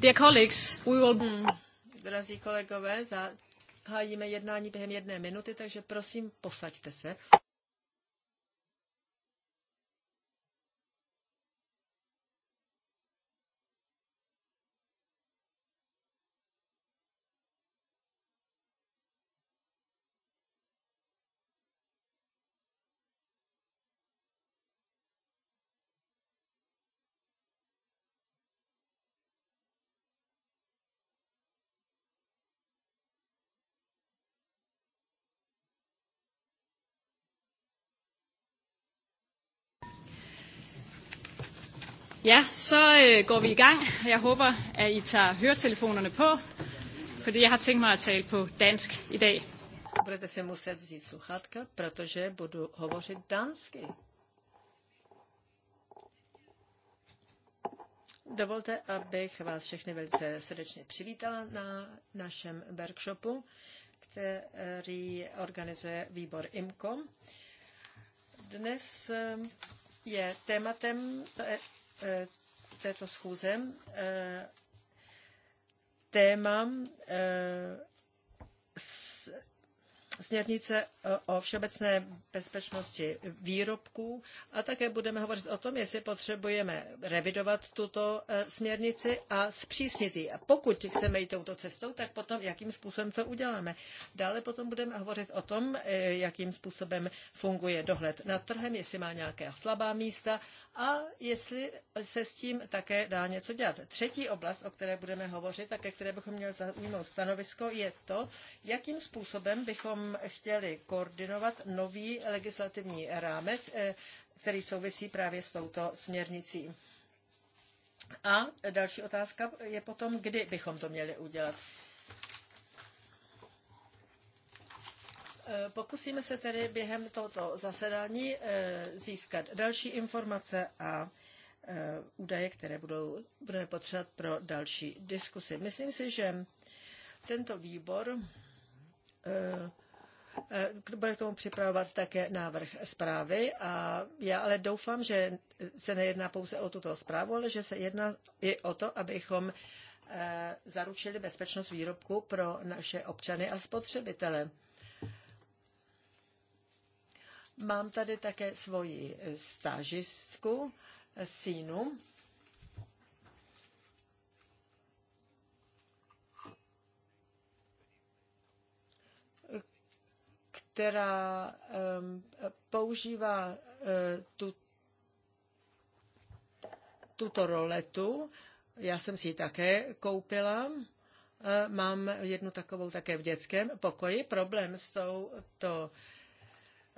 Dear colleagues, we will... Hmm. Drazí kolegové, zahájíme jednání během jedné minuty, takže prosím, posaďte se. Ja, så øh, går vi i gang. Jeg håber, at I tager høretelefonerne på, fordi jeg har tænkt mig at tale på dansk i dag. Budete si muset vzít sluchátka, protože budu hovořit dánsky. Dovolte, abych vás všechny velice srdečně přivítala na našem workshopu, který organizuje výbor IMCO. Dnes eh, je tématem Eh, této schůze eh, téma eh, směrnice o všeobecné bezpečnosti výrobků a také budeme hovořit o tom, jestli potřebujeme revidovat tuto směrnici a zpřísnit ji. A pokud chceme jít touto cestou, tak potom jakým způsobem to uděláme. Dále potom budeme hovořit o tom, jakým způsobem funguje dohled nad trhem, jestli má nějaké slabá místa a jestli se s tím také dá něco dělat. Třetí oblast, o které budeme hovořit a ke které bychom měli zaujmout stanovisko, je to, jakým způsobem bychom chtěli koordinovat nový legislativní rámec, eh, který souvisí právě s touto směrnicí. A další otázka je potom, kdy bychom to měli udělat. Eh, pokusíme se tedy během tohoto zasedání eh, získat další informace a eh, údaje, které budou, budeme potřebovat pro další diskusy. Myslím si, že tento výbor bude k tomu připravovat také návrh zprávy a já ale doufám, že se nejedná pouze o tuto zprávu, ale že se jedná i o to, abychom zaručili bezpečnost výrobku pro naše občany a spotřebitele. Mám tady také svoji eh, stážistku, eh, Sínu. která um, používá uh, tu, tuto roletu. Já jsem si ji také koupila. Mám jednu takovou také v dětském pokoji. Problém s touto uh,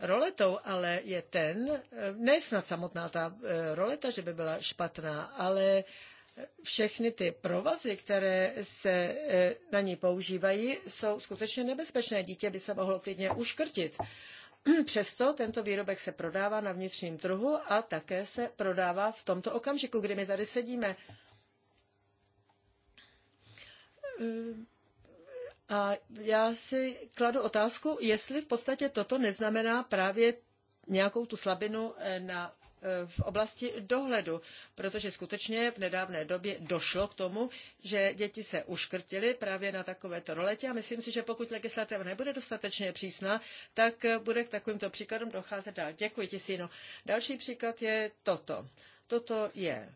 roletou ale je ten, eh, ne snad samotná ta eh, roleta, že by byla špatná, ale eh, všechny ty provazy, které se na ní používají, jsou skutečně nebezpečné. Dítě by se mohlo klidně uškrtit. Přesto tento výrobek se prodává na vnitřním trhu a také se prodává v tomto okamžiku, kdy my tady sedíme a já si kladu otázku, jestli v podstatě toto neznamená právě nějakou tu slabinu eh, na eh, v oblasti dohledu, protože skutečně v nedávné době došlo k tomu, že děti se uškrtily právě na takovéto roletě a myslím si, že pokud legislativa nebude dostatečně přísná, tak eh, bude k takovýmto příkladům docházet dál. Děkuji ti, Sino. Další příklad je toto. Toto je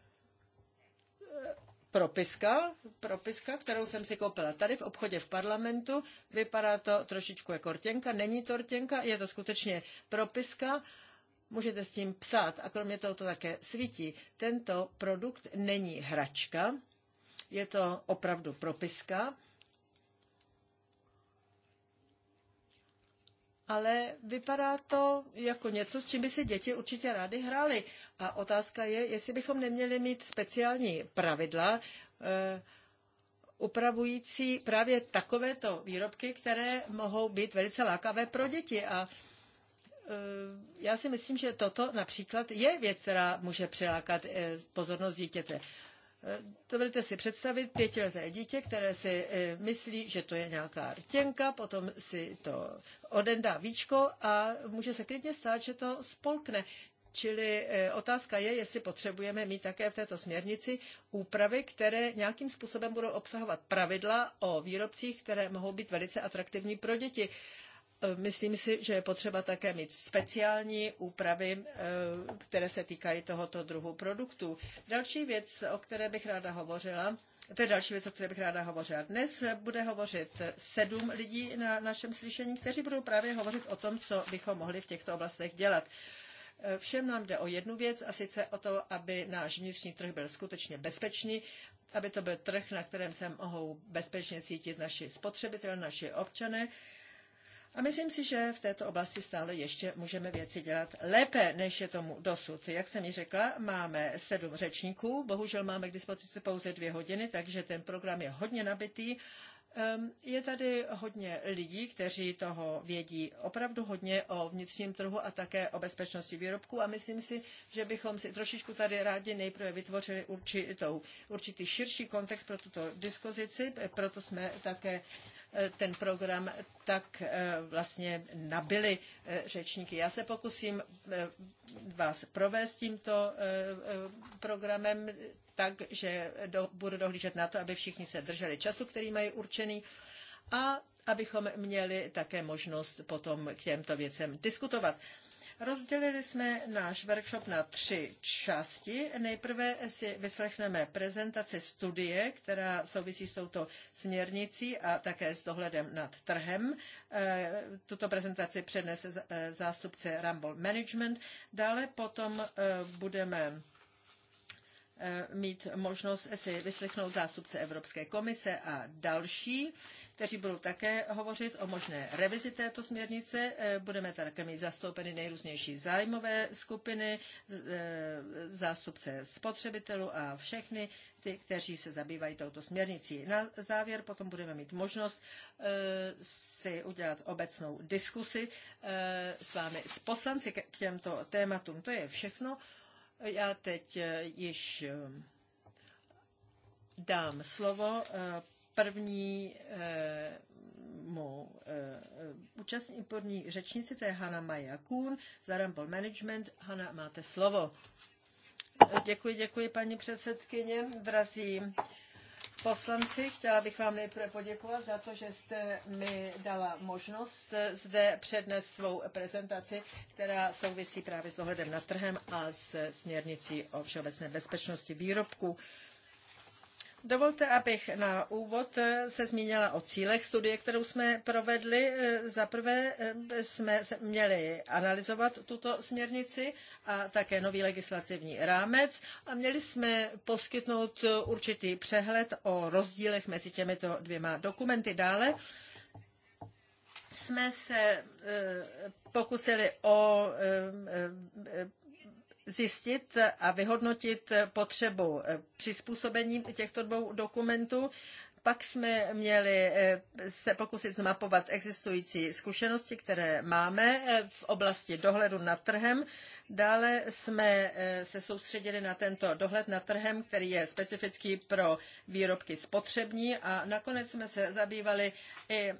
propiska, propiska, kterou jsem si koupila tady v obchodě v parlamentu. Vypadá to trošičku jako rtěnka, není to rtěnka, je to skutečně propiska. Můžete s tím psát a kromě toho to také svítí. Tento produkt není hračka, je to opravdu propiska ale vypadá to jako něco, s čím by si děti určitě rády hrály. A otázka je, jestli bychom neměli mít speciální pravidla, eh, upravující právě takovéto výrobky, které mohou být velice lákavé pro děti. A eh, já si myslím, že toto například je věc, která může přilákat eh, pozornost dítěte. Eh, dovedete si představit pětileté dítě, které si eh, myslí, že to je nějaká rtěnka, potom si to odendá víčko a může se klidně stát, že to spolkne. Čili eh, otázka je, jestli potřebujeme mít také v této směrnici úpravy, které nějakým způsobem budou obsahovat pravidla o výrobcích, které mohou být velice atraktivní pro děti. Myslím si, že je potřeba také mít speciální úpravy, eh, které se týkají tohoto druhu produktů. Další věc, o které bych ráda hovořila, to je další věc, o které bych ráda hovořila. Dnes bude hovořit sedm lidí na našem slyšení, kteří budou právě hovořit o tom, co bychom mohli v těchto oblastech dělat. Eh, všem nám jde o jednu věc, a sice o to, aby náš vnitřní trh byl skutečně bezpečný, aby to byl trh, na kterém se mohou bezpečně cítit naši spotřebitelé, naši občané, a myslím si, že v této oblasti stále ještě můžeme věci dělat lépe, než je tomu dosud. Jak jsem ji řekla, máme sedm řečníků, bohužel máme k dispozici pouze dvě hodiny, takže ten program je hodně nabitý. Ehm, je tady hodně lidí, kteří toho vědí opravdu hodně o vnitřním trhu a také o bezpečnosti výrobků a myslím si, že bychom si trošičku tady rádi nejprve vytvořili určitou, určitý širší kontext pro tuto diskuzici, proto jsme také ten program, tak eh, vlastně nabili eh, řečníky. Já se pokusím eh, vás provést tímto programem tak, že do, budu dohlížet na to, aby všichni se drželi času, který mají určený a abychom měli také možnost potom k těmto věcem diskutovat. Rozdělili jsme náš workshop na tři části. Nejprve si vyslechneme prezentaci studie, která souvisí s touto směrnicí a také s dohledem nad trhem. Eh, tuto prezentaci přednese eh, zástupce Rumble Management. Dále potom eh, budeme Eh, mít možnost si vyslechnout zástupce Evropské komise a další, kteří budou také hovořit o možné revizi této směrnice. Eh, budeme také mít zastoupeny nejrůznější zájmové skupiny, eh, zástupce spotřebitelů a všechny ty, kteří se zabývají touto směrnicí. Na závěr potom budeme mít možnost si udělat obecnou diskusi s vámi, s poslanci k těmto tématům. To je všechno já teď eh, již eh, dám slovo eh, mu účastní, první řečnici, to je Hanna Maja Kuhn z Rambol Management. Hanna, máte slovo. Děkuji, děkuji, paní předsedkyně. Drazí poslanci, chtěla bych vám nejprve poděkovat za to, že jste mi dala možnost zde přednést svou prezentaci, která souvisí právě s dohledem na trhem a s směrnicí o všeobecné bezpečnosti výrobků. Dovolte, abych na úvod eh, se zmínila o cílech studie, kterou jsme provedli. Eh, za prvé eh, jsme měli analyzovat tuto směrnici a také nový legislativní rámec a měli jsme poskytnout určitý přehled o rozdílech mezi těmito dvěma dokumenty. Dále jsme se pokusili o zjistit a vyhodnotit potřebu eh, přizpůsobení těchto dvou dokumentů pak jsme měli eh, se pokusit zmapovat existující zkušenosti, které máme eh, v oblasti dohledu nad trhem. Dále jsme eh, se soustředili na tento dohled nad trhem, který je specifický pro výrobky spotřební a nakonec jsme se zabývali i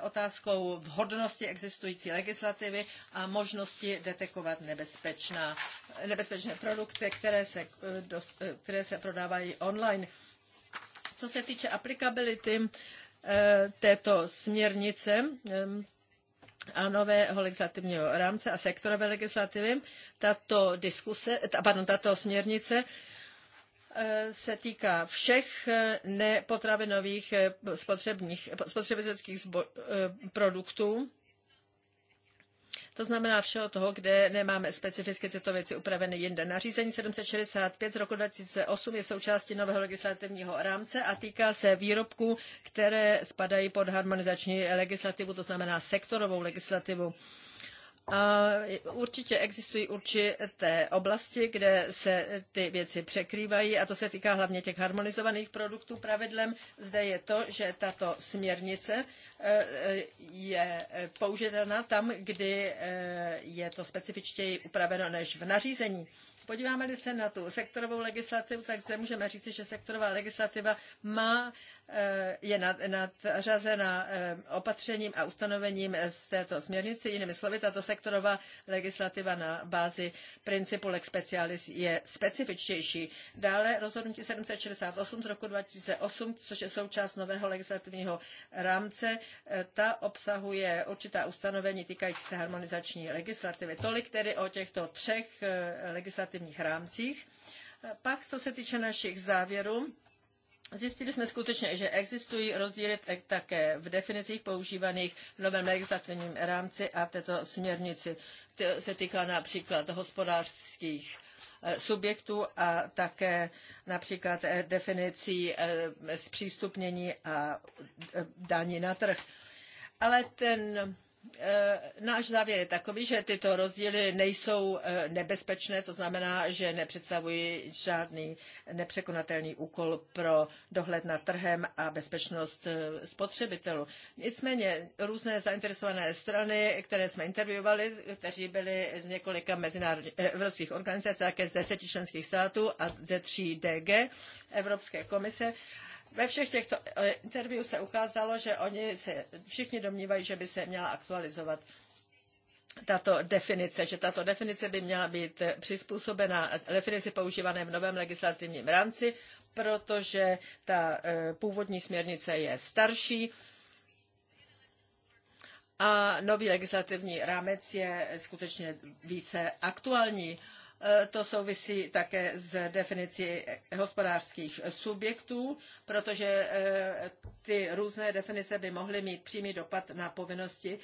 otázkou vhodnosti existující legislativy a možnosti detekovat nebezpečná, nebezpečné produkty, které se, které se prodávají online. Co se týče aplikability eh, této směrnice eh, a nového legislativního rámce a sektorové legislativy, tato, diskuse, pardon, tato směrnice eh, se týká všech nepotravinových spotřebitelských produktů to znamená všeho toho, kde nemáme specificky tyto věci upraveny jinde. Nařízení 765 z roku 2008 je součástí nového legislativního rámce a týká se výrobků, které spadají pod harmonizační legislativu, to znamená sektorovou legislativu. Určitě existují určité oblasti, kde se ty věci překrývají a to se týká hlavně těch harmonizovaných produktů. Pravidlem zde je to, že tato směrnice e, e, je použitelná tam, kdy e, je to specifičtěji upraveno než v nařízení. Podíváme-li se na tu sektorovou legislativu, tak zde můžeme říci, že sektorová legislativa má Eh, je nadřazena eh, opatřením a ustanovením z této směrnice. Jinými slovy, tato sektorová legislativa na bázi principu lex specialis je specifičtější. Dále rozhodnutí 768 z roku 2008, což je součást nového legislativního rámce, eh, ta obsahuje určitá ustanovení týkající se harmonizační legislativy. Tolik tedy o těchto třech legislativních rámcích. Pak, co se týče našich závěrů, Zjistili jsme skutečně, že existují rozdíly také v definicích používaných v novém legislativním rámci a v této směrnici. se týká například hospodářských eh, subjektů a také například eh, definicí eh, zpřístupnění a daní na trh. Ale ten Eh, náš závěr je takový, že tyto rozdíly nejsou eh, nebezpečné, to znamená, že nepředstavují žádný nepřekonatelný úkol pro dohled nad trhem a bezpečnost eh, spotřebitelů. Nicméně různé zainteresované strany, které jsme intervjuovali, kteří byli z několika mezinárodních evropských organizací, také z deseti členských států a ze tří DG Evropské komise, ve všech těchto eh, interview se ukázalo, že oni se všichni domnívají, že by se měla aktualizovat tato definice, že tato definice by měla být eh, přizpůsobena definici používané v novém legislativním rámci, protože ta eh, původní směrnice je starší a nový legislativní rámec je skutečně více aktuální. Eh, to souvisí také s definicí hospodářských subjektů, protože eh, ty různé definice by mohly mít přímý dopad na povinnosti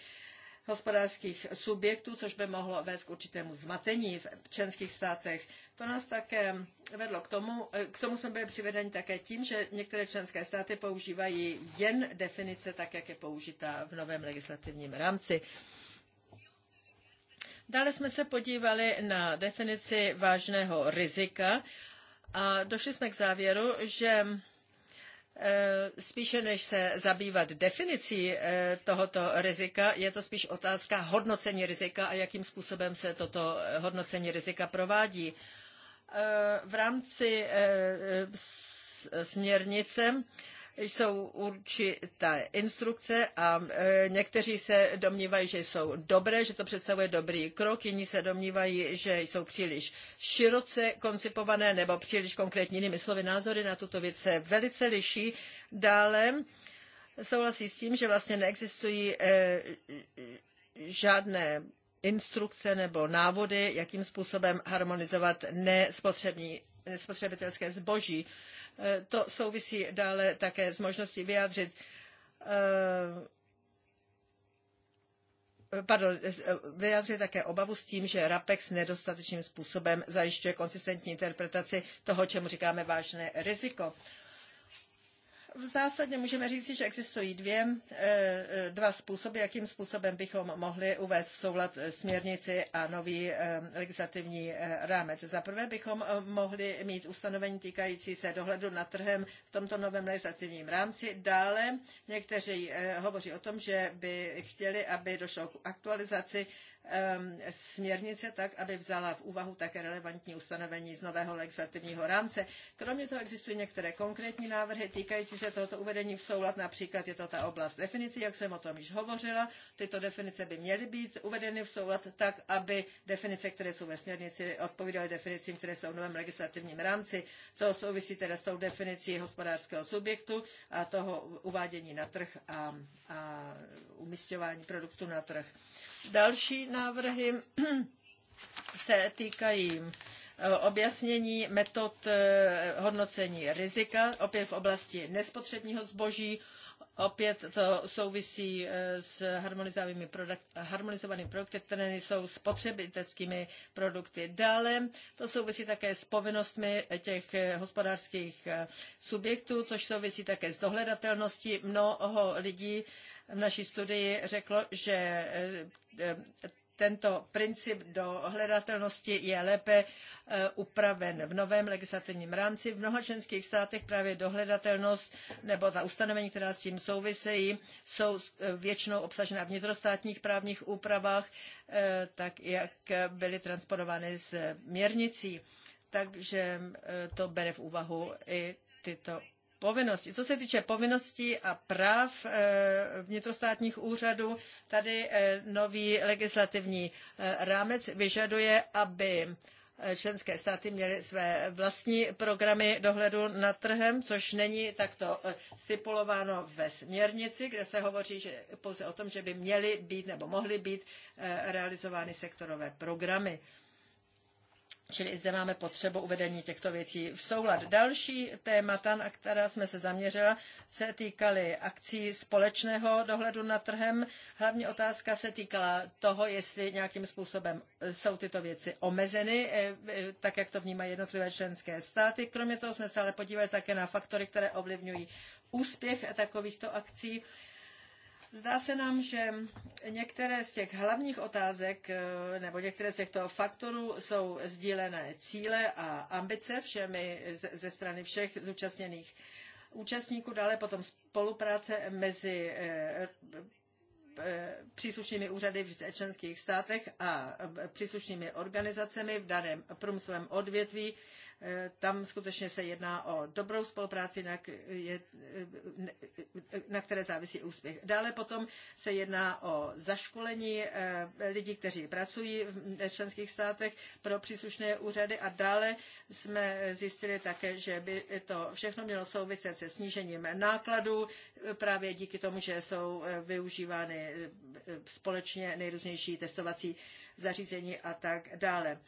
hospodářských subjektů, což by mohlo vést k určitému zmatení v členských státech. To nás také vedlo k tomu, eh, k tomu jsme byli přivedeni také tím, že některé členské státy používají jen definice tak, jak je použita v novém legislativním rámci. Dále jsme se podívali na definici vážného rizika a došli jsme k závěru, že eh, spíše než se zabývat definicí eh, tohoto rizika, je to spíš otázka hodnocení rizika a jakým způsobem se toto eh, hodnocení rizika provádí. V rámci směrnice jsou určité instrukce a e, někteří se domnívají, že jsou dobré, že to představuje dobrý krok, jiní se domnívají, že jsou příliš široce koncipované nebo příliš konkrétní. Jinými slovy, názory na tuto věc se velice liší. Dále souhlasí s tím, že vlastně neexistují e, žádné instrukce nebo návody, jakým způsobem harmonizovat nespotřební, nespotřebitelské zboží. Eh, to souvisí dále také s možností vyjádřit eh, pardon, eh, vyjádřit také obavu s tím, že RAPEX nedostatečným způsobem zajišťuje konsistentní interpretaci toho, čemu říkáme vážné riziko. V zásadě můžeme říct, že existují dvě, eh, eh, dva způsoby, jakým způsobem bychom mohli uvést v soulad eh, směrnici a nový legislativní rámec. Za prvé bychom mohli mít ustanovení týkající se dohledu nad trhem v tomto novém legislativním rámci. Dále někteří hovoří o tom, že by chtěli, aby došlo k aktualizaci směrnice tak, aby vzala v úvahu také relevantní ustanovení z nového legislativního rámce. Kromě toho existují některé konkrétní návrhy týkající se tohoto uvedení v soulad. Například je to ta oblast definicí, jak jsem o tom již hovořila. Tyto definice by měly být uvedeny v soulad tak, aby definice, které jsou ve směrnici, odpovídaly definicím, které jsou v novém legislativním rámci. To souvisí teda s tou definicí hospodářského subjektu a toho uvádění na trh a, a umistování produktů na trh. Další návrhy se týkají eh, objasnění metod eh, hodnocení rizika, opět v oblasti nespotřebního zboží, Opět to souvisí eh, s harmonizovanými produkty, které nejsou spotřebiteckými produkty. Dále to souvisí také s povinnostmi těch eh, hospodářských eh, subjektů, což souvisí také s dohledatelností. Mnoho lidí v naší studii řeklo, že tento princip dohledatelnosti je lépe eh, upraven v novém legislativním rámci. V mnoha členských státech právě dohledatelnost nebo ta ustanovení, která s tím souvisejí, jsou eh, většinou obsažena v vnitrostátních právních úpravách, eh, tak jak byly transponovány z měrnicí. Takže to bere v úvahu i tyto povinnosti. Co se týče povinností a práv eh, vnitrostátních úřadů, tady eh, nový legislativní eh, rámec vyžaduje, aby členské státy měly své vlastní programy dohledu nad trhem, což není takto stipulováno ve směrnici, kde se hovoří že pouze o tom, že by měly být nebo mohly být realizovány sektorové programy. Čili i zde máme potřebu uvedení těchto věcí v soulad. Další témata, na která jsme se zaměřila, se týkaly akcí společného dohledu nad trhem. Hlavní otázka se týkala toho, jestli nějakým způsobem jsou tyto věci omezeny, eh, eh, tak jak to vnímají jednotlivé členské státy. Kromě toho jsme se ale podívali také na faktory, které ovlivňují úspěch takovýchto akcí. Zdá se nám, že některé z těch hlavních otázek eh, nebo některé z těchto faktorů jsou sdílené cíle a ambice všemi ze strany všech zúčastněných účastníků, dále potom spolupráce mezi eh, eh, příslušnými úřady v členských státech a příslušnými organizacemi v daném průmyslovém odvětví, Eh, tam skutečně se jedná o dobrou spolupráci, na, je, eh, na které závisí úspěch. Dále potom se jedná o zaškolení eh, lidí, kteří pracují v členských státech pro příslušné úřady a dále jsme zjistili také, že by to všechno mělo souviset se snížením nákladů právě díky tomu, že jsou využívány společně nejrůznější testovací zařízení a tak dále.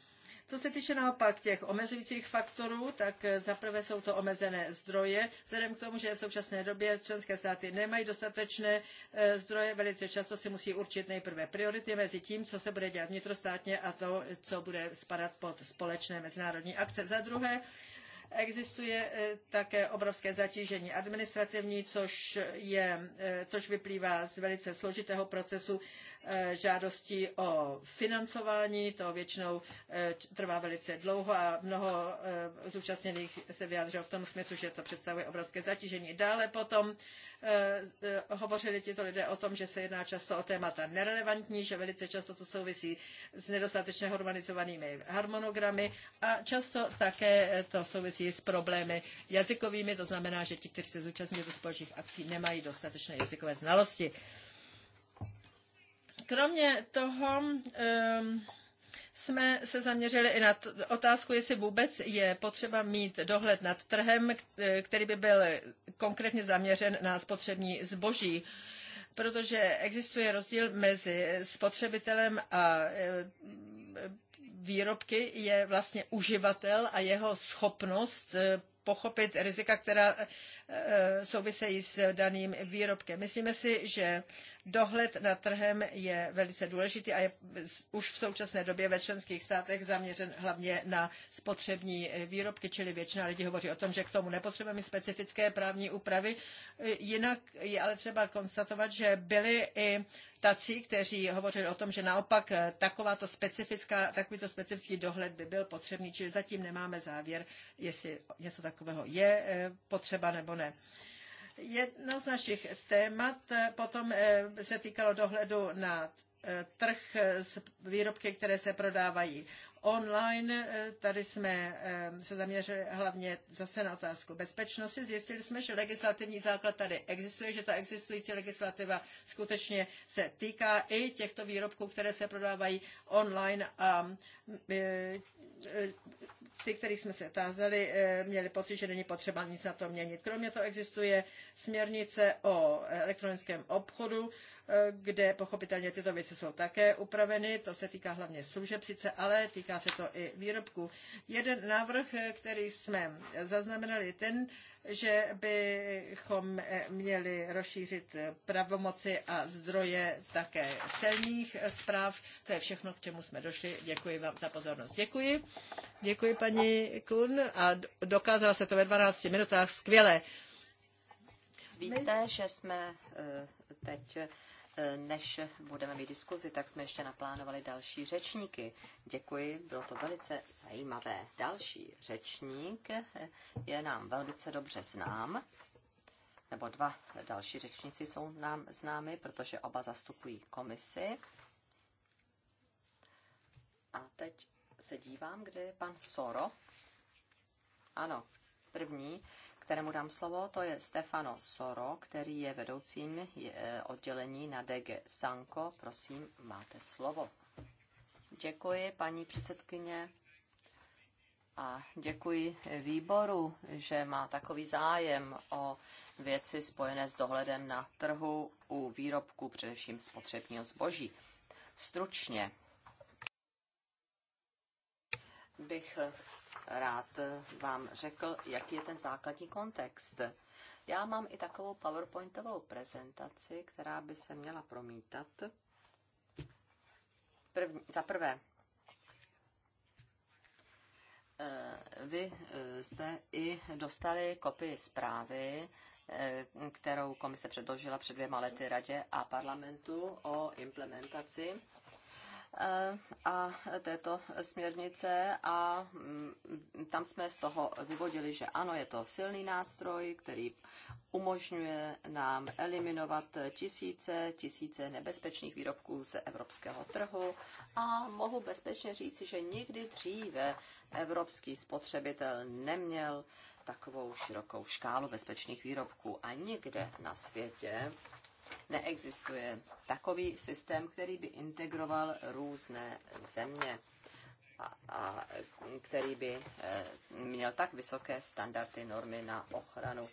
Co se týče naopak těch omezujících faktorů, tak eh, zaprvé jsou to omezené zdroje, vzhledem k tomu, že v současné době členské státy nemají dostatečné eh, zdroje, velice často si musí určit nejprve priority mezi tím, co se bude dělat vnitrostátně a to, co bude spadat pod společné mezinárodní akce. Za druhé, Existuje eh, také obrovské zatížení administrativní, což, je, což vyplývá z velice složitého procesu Eh, žádostí o financování. To většinou eh, trvá velice dlouho a mnoho eh, zúčastněných se vyjádřilo v tom smyslu, že to představuje obrovské zatížení. Dále potom hovořili tito lidé o tom, že se jedná často o témata nerelevantní, že velice často to souvisí s nedostatečně harmonizovanými harmonogramy a často také to souvisí s problémy jazykovými, to znamená, že ti, kteří se zúčastňují do společných akcí, nemají dostatečné jazykové znalosti. Kromě toho ehm, jsme se zaměřili i na otázku, jestli vůbec je potřeba mít dohled nad trhem, který by byl konkrétně zaměřen na spotřební zboží protože existuje rozdíl mezi spotřebitelem a e, e, výrobky je vlastně uživatel a jeho schopnost e, pochopit rizika, která eh, eh, souvisejí s daným výrobkem. Myslíme si, že dohled nad trhem je velice důležitý a je už v současné době ve členských státech zaměřen hlavně na spotřební eh, výrobky, čili většina lidí hovoří o tom, že k tomu nepotřebujeme specifické právní úpravy. Jinak je ale třeba konstatovat, že byly i tací, kteří hovořili o tom, že naopak eh, takováto specifická, takovýto specifický dohled by byl potřebný, čili zatím nemáme závěr, jestli něco takového je eh, potřeba nebo ne. Jedno z našich témat eh, potom se týkalo dohledu na trh s výrobky, které se prodávají online. Eh, tady jsme eh, se zaměřili hlavně zase na otázku bezpečnosti. Zjistili jsme, že legislativní základ tady existuje, že ta existující legislativa skutečně se týká i těchto výrobků, které se prodávají online a eh, ty, kterých jsme se tázali, měli pocit, že není potřeba nic na to měnit. Kromě toho existuje směrnice o elektronickém obchodu, Eh, kde pochopitelně tyto věci jsou také upraveny. To se týká hlavně služeb sice, ale týká se to i výrobků. Jeden návrh, který jsme zaznamenali, ten, že bychom eh, měli rozšířit pravomoci a zdroje také celních zpráv. To je všechno, k čemu jsme došli. Děkuji vám za pozornost. Děkuji. Děkuji paní Kun a dokázala se to ve 12 minutách. Skvěle. Víte, že jsme eh, teď než budeme mít diskuzi, tak jsme ještě naplánovali další řečníky. Děkuji, bylo to velice zajímavé. Další řečník je nám velice dobře znám, nebo dva další řečníci jsou nám známy, protože oba zastupují komisi. A teď se dívám, kde je pan Soro. Ano, první kterému dám slovo, to je Stefano Soro, který je vedoucím eh, oddělení na DG Sanko. Prosím, máte slovo. Děkuji, paní předsedkyně. A děkuji výboru, že má takový zájem o věci spojené s dohledem na trhu u výrobků, především spotřebního zboží. Stručně bych rád vám řekl, jaký je ten základní kontext. Já mám i takovou PowerPointovou prezentaci, která by se měla promítat. První, za prvé, eh, vy eh, jste i dostali kopii zprávy, eh, kterou komise předložila před dvěma lety radě a parlamentu o implementaci Eh, a této směrnice a mm, tam jsme z toho vyvodili, že ano, je to silný nástroj, který umožňuje nám eliminovat tisíce, tisíce nebezpečných výrobků z evropského trhu a mohu bezpečně říci, že nikdy dříve evropský spotřebitel neměl takovou širokou škálu bezpečných výrobků a nikde na světě neexistuje takový systém, který by integroval různé země a, a který by eh, měl tak vysoké standardy, normy na ochranu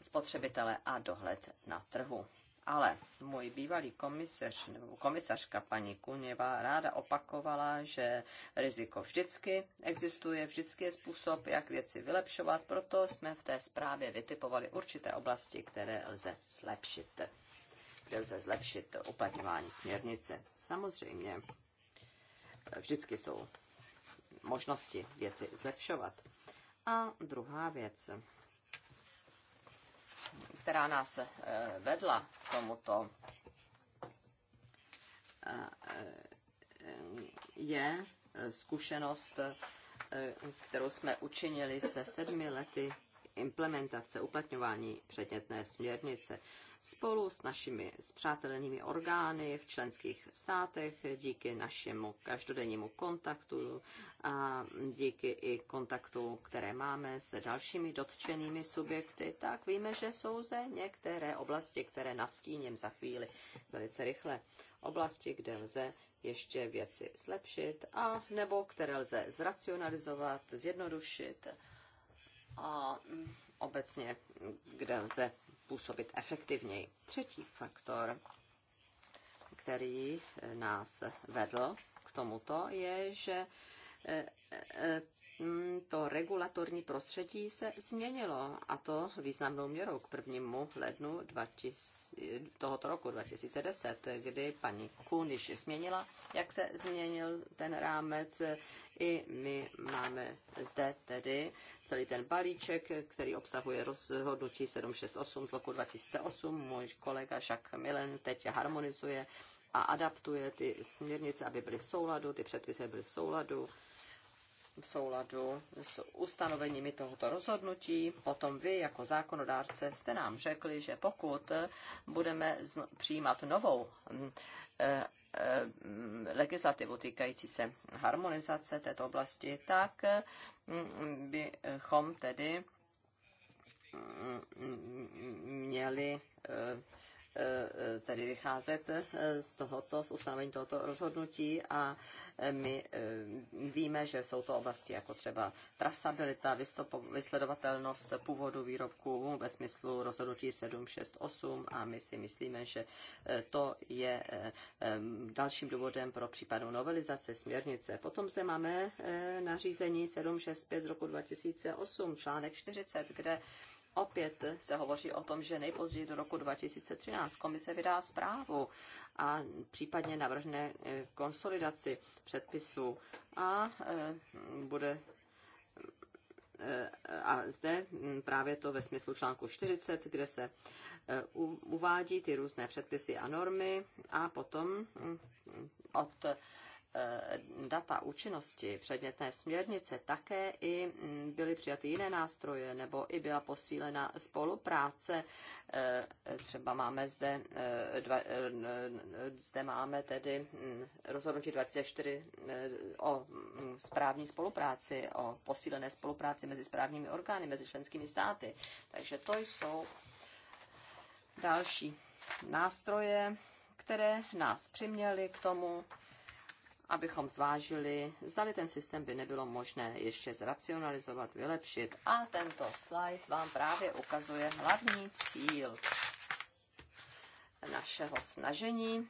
spotřebitele a dohled na trhu. Ale můj bývalý komisař, nebo komisařka paní Kuněva ráda opakovala, že riziko vždycky existuje, vždycky je způsob, jak věci vylepšovat, proto jsme v té zprávě vytipovali určité oblasti, které lze zlepšit kde lze zlepšit uplatňování směrnice. Samozřejmě vždycky jsou možnosti věci zlepšovat. A druhá věc, která nás eh, vedla k tomuto, eh, je zkušenost, eh, kterou jsme učinili se sedmi lety implementace, uplatňování předmětné směrnice spolu s našimi spřátelenými orgány v členských státech, díky našemu každodennímu kontaktu a díky i kontaktu, které máme s dalšími dotčenými subjekty, tak víme, že jsou zde některé oblasti, které nastíním za chvíli velice rychle. Oblasti, kde lze ještě věci zlepšit a nebo které lze zracionalizovat, zjednodušit a obecně, kde lze působit efektivněji. Třetí faktor, který nás vedl k tomuto, je, že eh, eh, Mm, to regulatorní prostředí se změnilo a to významnou měrou k prvnímu lednu 2000, tohoto roku 2010, kdy paní Kuhn změnila, jak se změnil ten rámec. I my máme zde tedy celý ten balíček, který obsahuje rozhodnutí 768 z roku 2008. Můj kolega Jacques Milen teď harmonizuje a adaptuje ty směrnice, aby byly v souladu, ty předpisy byly v souladu v souladu s ustanoveními tohoto rozhodnutí. Potom vy jako zákonodárce jste nám řekli, že pokud budeme přijímat novou mm, eh, eh, legislativu týkající se harmonizace této oblasti, tak mm, bychom tedy mm, měli eh, tedy vycházet eh, z tohoto, z ustanovení tohoto rozhodnutí a eh, my eh, víme, že jsou to oblasti jako třeba trasabilita, vysledovatelnost původu výrobků ve smyslu rozhodnutí 768 a my si myslíme, že to je dalším důvodem pro případnou novelizaci směrnice. Potom zde máme nařízení 765 z roku 2008, článek 40, kde opět se hovoří o tom, že nejpozději do roku 2013 komise vydá zprávu a případně navrhne eh, konsolidaci předpisů a eh, bude eh, a zde hm, právě to ve smyslu článku 40, kde se uvádí ty různé předpisy a normy a potom hm, hm, od Eh, data účinnosti předmětné směrnice také i mm, byly přijaty jiné nástroje, nebo i byla posílena spolupráce. Eh, třeba máme zde, eh, dva, zde máme tedy mm, rozhodnutí 24 o mm, správní spolupráci, o posílené spolupráci mezi správními orgány, mezi členskými státy. Takže to jsou další nástroje, které nás přiměly k tomu, abychom zvážili, zdali ten systém by nebylo možné ještě zracionalizovat, vylepšit. A tento slide vám právě ukazuje hlavní cíl našeho snažení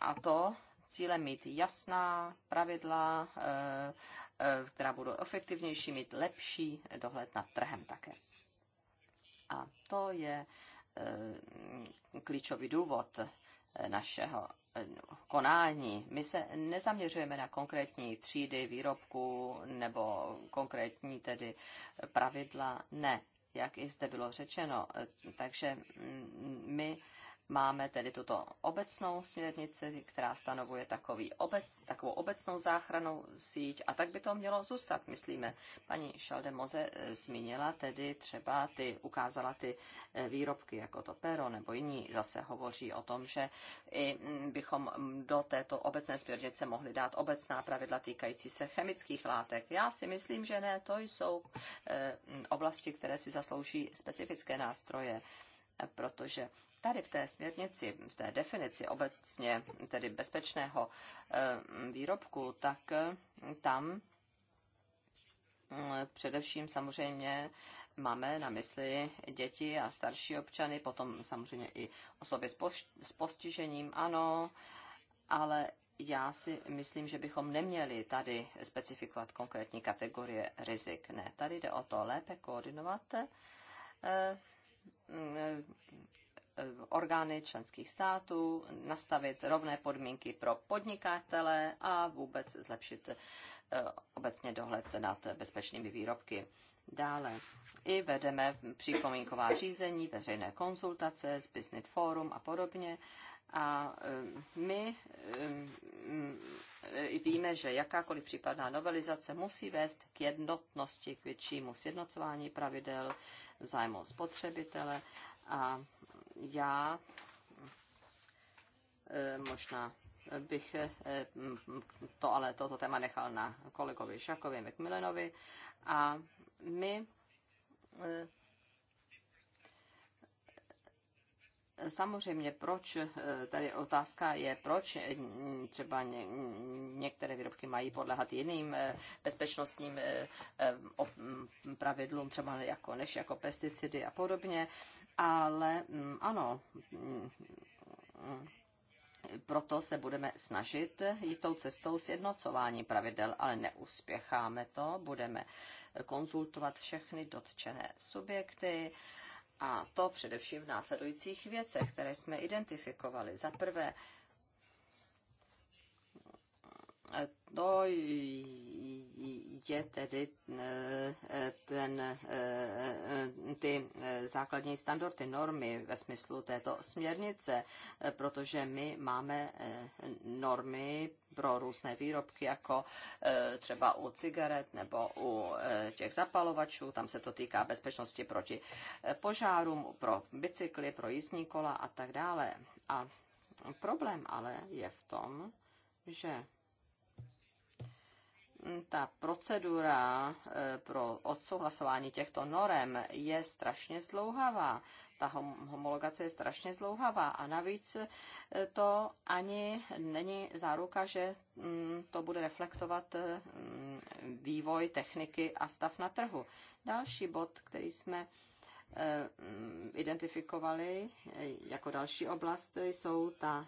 a to cílem mít jasná pravidla, eh, eh, která budou efektivnější, mít lepší dohled nad trhem také. A to je eh, klíčový důvod našeho eh, konání. My se nezaměřujeme na konkrétní třídy výrobků nebo konkrétní tedy pravidla, ne, jak i zde bylo řečeno. Eh, takže mm, my Máme tedy tuto obecnou směrnici, která stanovuje takový obec, takovou obecnou záchranou síť a tak by to mělo zůstat, myslíme. Paní Šaldemoze eh, zmínila tedy třeba ty, ukázala ty eh, výrobky jako to pero nebo jiní, zase hovoří o tom, že i mm, bychom mm, do této obecné směrnice mohli dát obecná pravidla týkající se chemických látek. Já si myslím, že ne, to jsou eh, mm, oblasti, které si zaslouží specifické nástroje protože tady v té směrnici, v té definici obecně tedy bezpečného eh, výrobku, tak eh, tam eh, především samozřejmě máme na mysli děti a starší občany, potom samozřejmě i osoby s postižením, ano, ale já si myslím, že bychom neměli tady specifikovat konkrétní kategorie rizik. Ne, tady jde o to lépe koordinovat orgány členských států, nastavit rovné podmínky pro podnikatele a vůbec zlepšit eh, obecně dohled nad bezpečnými výrobky. Dále i vedeme připomínková řízení, veřejné konzultace, Business Forum a podobně a eh, my eh, víme, že jakákoliv případná novelizace musí vést k jednotnosti, k většímu sjednocování pravidel zájmu spotřebitele. A já eh, možná bych to ale toto téma nechal na kolegovi Šakovi McMillanovi. A my samozřejmě, proč, eh, tady otázka je, proč eh, třeba ně, některé výrobky mají podlehat jiným eh, bezpečnostním mm, pravidlům, třeba jako, než jako pesticidy a podobně, ale mm, ano, mm, proto se budeme snažit jít tou cestou sjednocování pravidel, ale neuspěcháme to, budeme konzultovat všechny dotčené subjekty, a to především v následujících věcech, které jsme identifikovali. Za prvé, to je tedy e, ten, e, ty základní standardy, normy ve smyslu této směrnice, e, protože my máme normy pro různé výrobky, jako e, třeba u cigaret nebo u e, těch zapalovačů. Tam se to týká bezpečnosti proti e, požárům, pro bicykly, pro jízdní kola a tak dále. A problém ale je v tom, že ta procedura eh, pro odsouhlasování těchto norem je strašně zdlouhavá. Ta homologace je strašně zdlouhavá a navíc eh, to ani není záruka, že mm, to bude reflektovat eh, mm, vývoj techniky a stav na trhu. Další bod, který jsme mm, identifikovali jako další oblast, jsou ta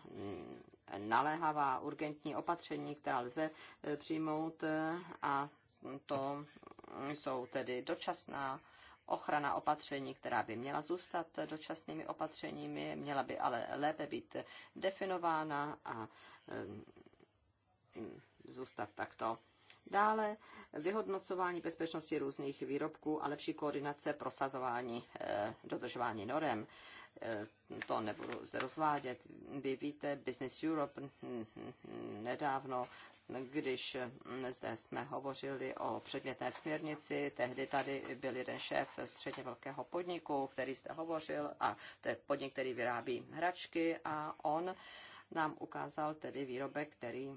naléhavá urgentní opatření, která lze e, přijmout e, a to jsou tedy dočasná ochrana opatření, která by měla zůstat dočasnými opatřeními, měla by ale lépe být definována a e, zůstat takto. Dále vyhodnocování bezpečnosti různých výrobků a lepší koordinace prosazování dodržování norem. Eh, to nebudu zde rozvádět. Vy víte, Business Europe nedávno, když mm, zde jsme hovořili o předmětné směrnici, tehdy tady byl jeden šéf středně velkého podniku, který zde hovořil, a to je podnik, který vyrábí hračky a on nám ukázal tedy výrobek, který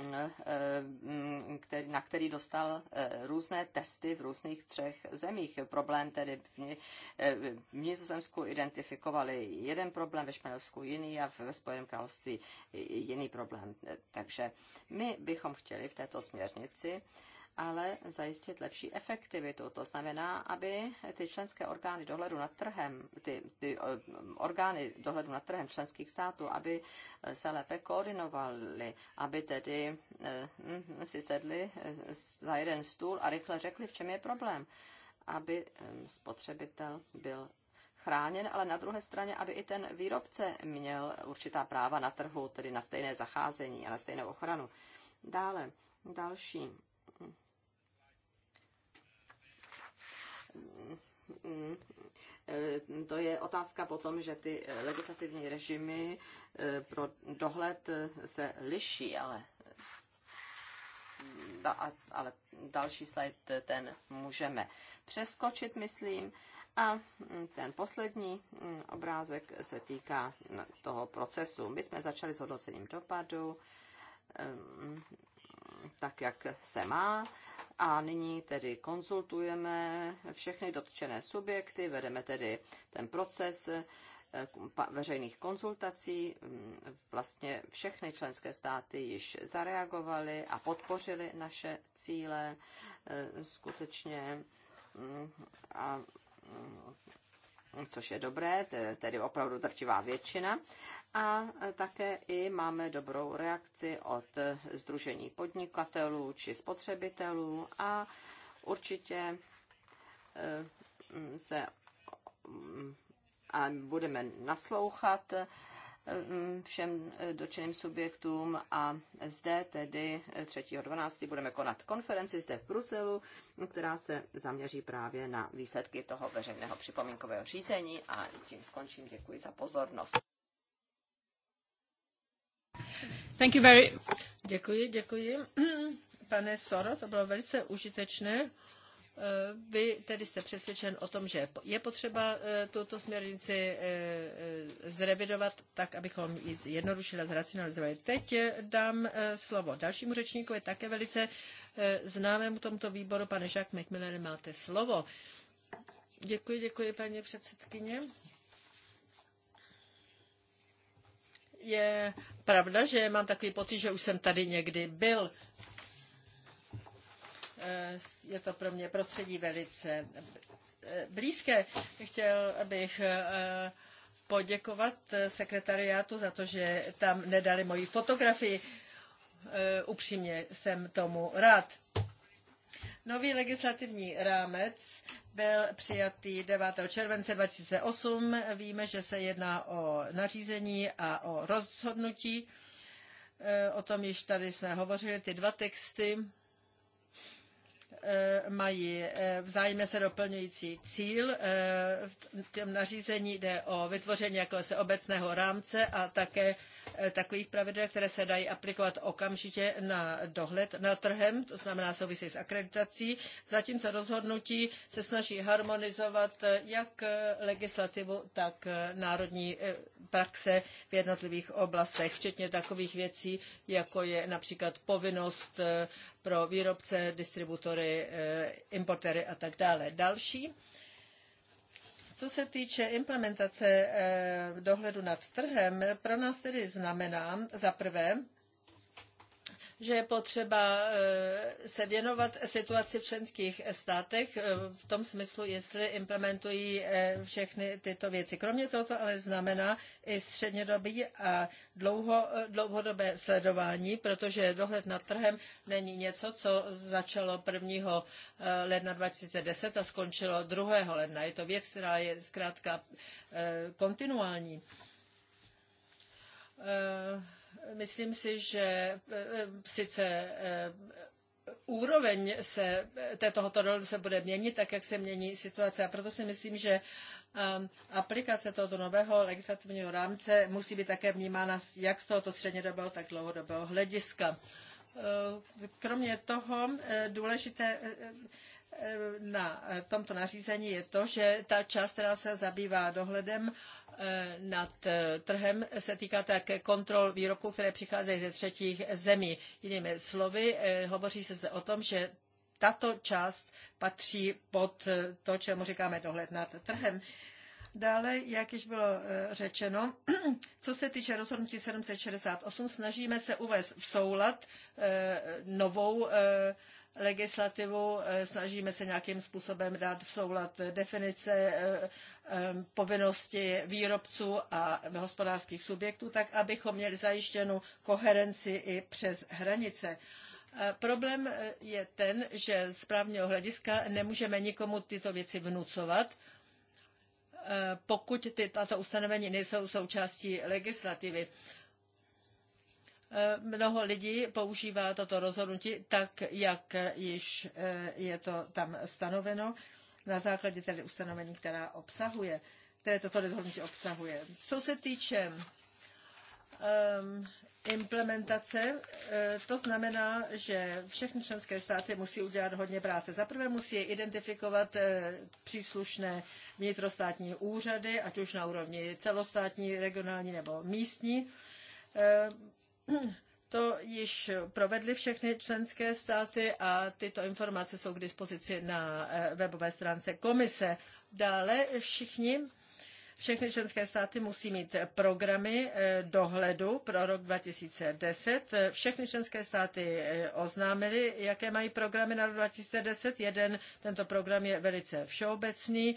Eh, který, na který dostal eh, různé testy v různých třech zemích. Problém tedy v, eh, v Nizozemsku identifikovali jeden problém, ve Španělsku jiný a ve Spojeném království jiný problém. Takže my bychom chtěli v této směrnici ale zajistit lepší efektivitu. To znamená, aby ty členské orgány dohledu nad trhem, ty, ty eh, orgány dohledu nad trhem členských států, aby se lépe koordinovaly, aby tedy eh, si sedli eh, za jeden stůl a rychle řekli, v čem je problém, aby spotřebitel byl chráněn, ale na druhé straně, aby i ten výrobce měl určitá práva na trhu, tedy na stejné zacházení a na stejnou ochranu. Dále, další Mm. E, to je otázka potom, že ty e, legislativní režimy e, pro dohled se liší, ale, mm, ale další slide ten můžeme přeskočit, myslím. A mm, ten poslední obrázek se týká toho procesu. My jsme začali s hodnocením dopadu, tak jak se má a nyní tedy konzultujeme všechny dotčené subjekty, vedeme tedy ten proces eh, veřejných konzultací. Mm, vlastně všechny členské státy již zareagovaly a podpořily naše cíle eh, skutečně. Mm, a mm, což je dobré, tedy opravdu drtivá většina. A také i máme dobrou reakci od Združení podnikatelů či spotřebitelů a určitě e, se a budeme naslouchat Mm, všem eh, dočeným subjektům a zde tedy 3.12. Eh, budeme konat konferenci zde v Bruselu, která se zaměří právě na výsledky toho veřejného připomínkového řízení a tím skončím. Děkuji za pozornost. Thank you very... Děkuji, děkuji. Pane Soro, to bylo velice užitečné. Eh, vy tedy jste přesvědčen o tom, že je potřeba eh, tuto směrnici eh, zrevidovat tak, abychom ji zjednodušili a zracionalizovali. Teď dám slovo dalšímu řečníku, je také velice známému tomuto výboru, pane Jacques McMillan, máte slovo. Děkuji, děkuji, paní předsedkyně. Je pravda, že mám takový pocit, že už jsem tady někdy byl. Eh, je to pro mě prostředí velice eh, blízké. Chtěl bych eh, poděkovat sekretariátu za to, že tam nedali moji fotografii. Upřímně jsem tomu rád. Nový legislativní rámec byl přijatý 9. července 2008. Víme, že se jedná o nařízení a o rozhodnutí. O tom již tady jsme hovořili, ty dva texty Eh, mají eh, vzájemně se doplňující cíl. Eh, v tom nařízení jde o vytvoření jakéhosi obecného rámce a také Eh, takových pravidel, které se dají aplikovat okamžitě na dohled nad trhem, to znamená souvisí s akreditací, zatímco rozhodnutí se snaží harmonizovat eh, jak eh, legislativu, tak národní praxe v jednotlivých oblastech, včetně takových věcí, jako je například povinnost pro výrobce, distributory, importéry a tak dále. Další co se týče implementace eh, dohledu nad trhem, pro nás tedy znamená za prvé, že je potřeba eh, se věnovat situaci v členských státech eh, v tom smyslu, jestli implementují eh, všechny tyto věci. Kromě toho to ale znamená i střednědobý a dlouho, dlouhodobé sledování, protože dohled nad trhem není něco, co začalo 1. ledna 2010 a skončilo 2. ledna. Je to věc, která je zkrátka kontinuální. Uh Myslím si, že eh, eh, sice eh, úroveň se, této hotodoru se bude měnit, tak jak se mění situace. A proto si myslím, že ehm, aplikace tohoto nového legislativního rámce musí být také vnímána jak z tohoto střednědobého, tak dlouhodobého hlediska. Kromě toho důležité Eh, na eh, tomto nařízení je to, že ta část, která se zabývá dohledem eh, nad trhem, se týká také kontrol výrobků, které přicházejí ze třetích zemí. Jinými slovy, hovoří se zde o tom, že tato část patří pod to, čemu říkáme dohled nad trhem. Dále, jak již bylo řečeno, co se týče rozhodnutí 768, snažíme se uvést v soulad novou legislativu, eh, snažíme se nějakým způsobem dát v soulad definice eh, eh, povinnosti výrobců a hospodářských subjektů, tak abychom měli zajištěnu koherenci i přes hranice. Problém je ten, že z právního hlediska nemůžeme nikomu tyto věci vnucovat, pokud ty, tato ustanovení nejsou součástí legislativy. Eh, mnoho lidí používá toto rozhodnutí tak, jak již eh, je to tam stanoveno, na základě tedy ustanovení, která obsahuje, které toto rozhodnutí obsahuje. Co se týče um, implementace, eh, to znamená, že všechny členské státy musí udělat hodně práce. Za prvé musí identifikovat příslušné vnitrostátní úřady, ať už na úrovni celostátní, regionální nebo místní to již provedly všechny členské státy a tyto informace jsou k dispozici na eh, webové stránce komise. Dále všichni všechny členské státy musí mít programy eh, dohledu pro rok 2010. Všechny členské státy eh, oznámily, jaké mají programy na rok 2010. Jeden tento program je velice všeobecný,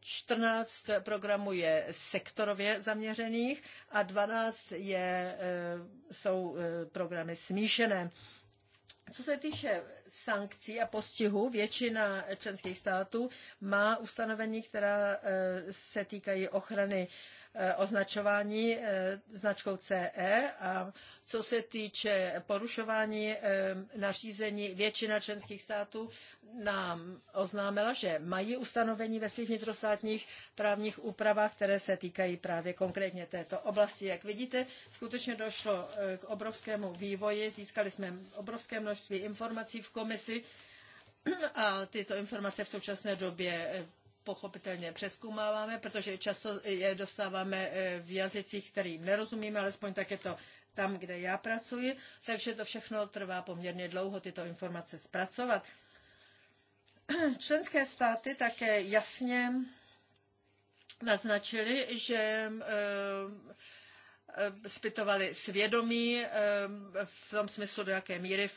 14 eh, programů je sektorově zaměřených a 12 je, jsou programy smíšené. Co se týče sankcí a postihu, většina členských států má ustanovení, která eh, se týkají ochrany Eh, označování eh, značkou CE a co se týče porušování eh, nařízení, většina členských států nám oznámila, že mají ustanovení ve svých vnitrostátních právních úpravách, které se týkají právě konkrétně této oblasti. Jak vidíte, skutečně došlo k obrovskému vývoji, získali jsme obrovské množství informací v komisi a tyto informace v současné době pochopitelně přeskoumáváme, protože často je dostáváme eh, v jazycích, kterým nerozumíme, alespoň tak je to tam, kde já pracuji, takže to všechno trvá poměrně dlouho tyto informace zpracovat. Členské státy také jasně naznačili, že eh, Eh, zpytovali svědomí eh, v tom smyslu, do jaké míry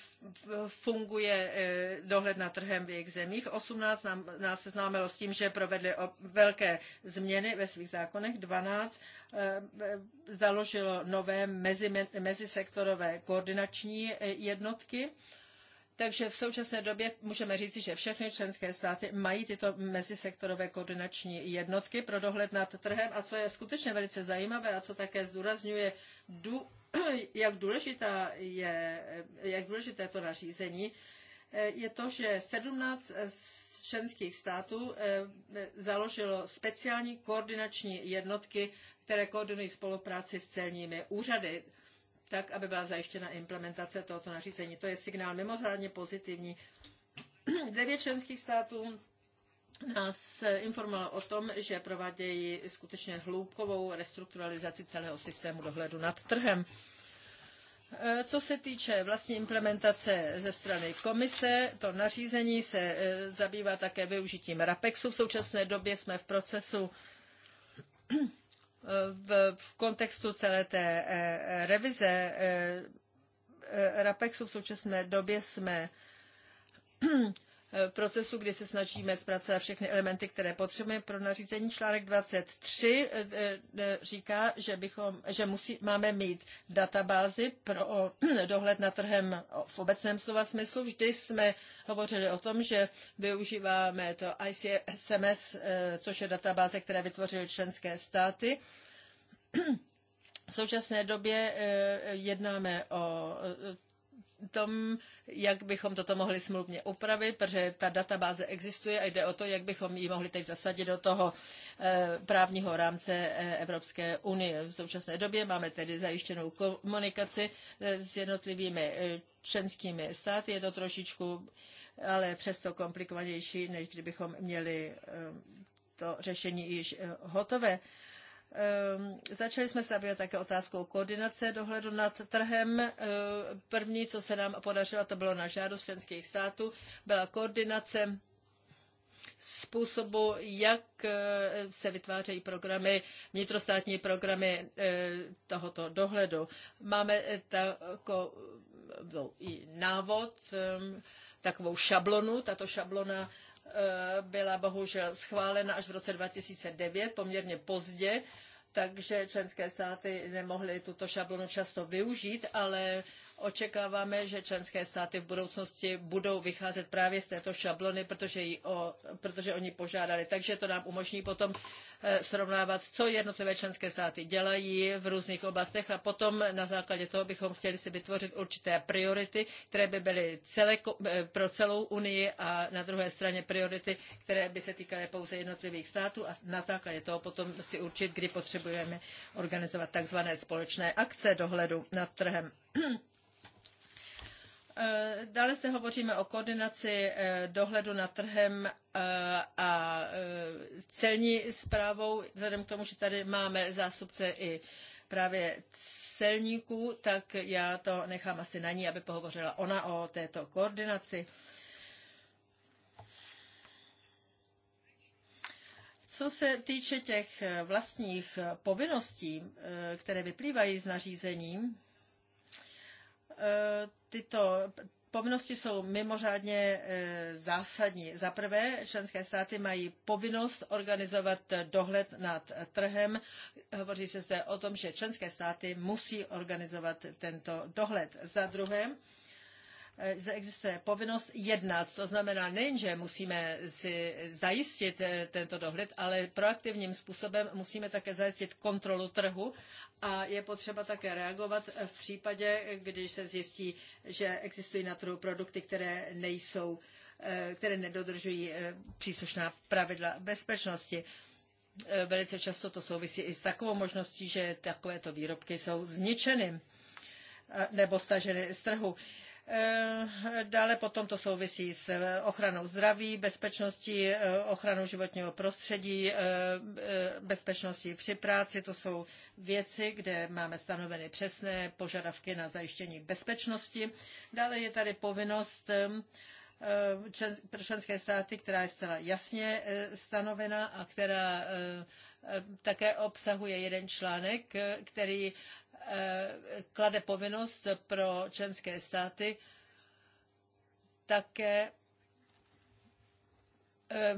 funguje eh, dohled na trhem v jejich zemích. 18 nás seznámilo s tím, že provedli velké změny ve svých zákonech. 12 založilo nové mezisektorové koordinační jednotky takže v současné době můžeme říci, že všechny členské státy mají tyto mezisektorové koordinační jednotky pro dohled nad trhem a co je skutečně velice zajímavé a co také zdůrazňuje, du, jak, důležitá je, jak důležité je to nařízení, je to, že 17 členských států eh, založilo speciální koordinační jednotky, které koordinují spolupráci s celními úřady tak, aby byla zajištěna implementace tohoto nařízení. To je signál mimořádně pozitivní. Devět členských států nás informoval o tom, že provádějí skutečně hloubkovou restrukturalizaci celého systému dohledu nad trhem. E, co se týče vlastní implementace ze strany komise, to nařízení se e, zabývá také využitím RAPEXu. V současné době jsme v procesu v, v kontextu celé té e, e, revize e, Rapexu v současné době jsme Eh, procesu, kdy se snažíme zpracovat všechny elementy, které potřebujeme pro nařízení. Článek 23 eh, eh, říká, že, bychom, že musí, máme mít databázi pro dohled na trhem v obecném slova smyslu. Vždy jsme hovořili o tom, že využíváme to ICSMS, což je databáze, které vytvořily členské státy. V současné době jednáme o tom, jak bychom toto mohli smluvně upravit, protože ta databáze existuje a jde o to, jak bychom ji mohli teď zasadit do toho eh, právního rámce eh, Evropské unie. V současné době máme tedy zajištěnou komunikaci eh, s jednotlivými členskými státy. Je to trošičku ale přesto komplikovanější, než kdybychom měli to řešení již hotové. Ehm, začali jsme se zabývat také otázkou koordinace dohledu nad trhem. Ehm, první, co se nám podařilo, to bylo na žádost členských států, byla koordinace způsobu, jak eh, se vytvářejí programy, vnitrostátní programy eh, tohoto dohledu. Máme eh, takový návod, ehm, takovou šablonu. Tato šablona Eh, byla bohužel schválena až v roce 2009, poměrně pozdě, takže členské státy nemohly tuto šablonu často využít, ale Očekáváme, že členské státy v budoucnosti budou vycházet právě z této šablony, protože, ji o, protože oni požádali. Takže to nám umožní potom eh, srovnávat, co jednotlivé členské státy dělají v různých oblastech a potom na základě toho bychom chtěli si vytvořit určité priority, které by byly celé, eh, pro celou Unii a na druhé straně priority, které by se týkaly pouze jednotlivých států a na základě toho potom si určit, kdy potřebujeme organizovat takzvané společné akce dohledu nad trhem. Eh, dále se hovoříme o koordinaci eh, dohledu nad trhem eh, a celní zprávou. Vzhledem k tomu, že tady máme zástupce i právě celníků, tak já to nechám asi na ní, aby pohovořila ona o této koordinaci. Co se týče těch vlastních povinností, které vyplývají z nařízení, tyto povinnosti jsou mimořádně eh, zásadní. Za prvé, členské státy mají povinnost organizovat dohled nad trhem. Hovoří se zde o tom, že členské státy musí organizovat tento dohled. Za druhé, Eh, existuje povinnost jednat. To znamená nejenže musíme si zajistit eh, tento dohled, ale proaktivním způsobem musíme také zajistit kontrolu trhu a je potřeba také reagovat v případě, když se zjistí, že existují na trhu produkty, které nejsou, eh, které nedodržují příslušná pravidla bezpečnosti. Velice často to souvisí i s takovou možností, že takovéto výrobky jsou zničeny nebo staženy z trhu. Eh, dále potom to souvisí s eh, ochranou zdraví, bezpečností, eh, ochranou životního prostředí, bezpečností při práci. To jsou věci, kde máme stanoveny přesné požadavky na zajištění bezpečnosti. Dále je tady povinnost pro členské státy, která je zcela jasně stanovena a která také obsahuje jeden článek, který Eh, klade povinnost pro členské státy také eh,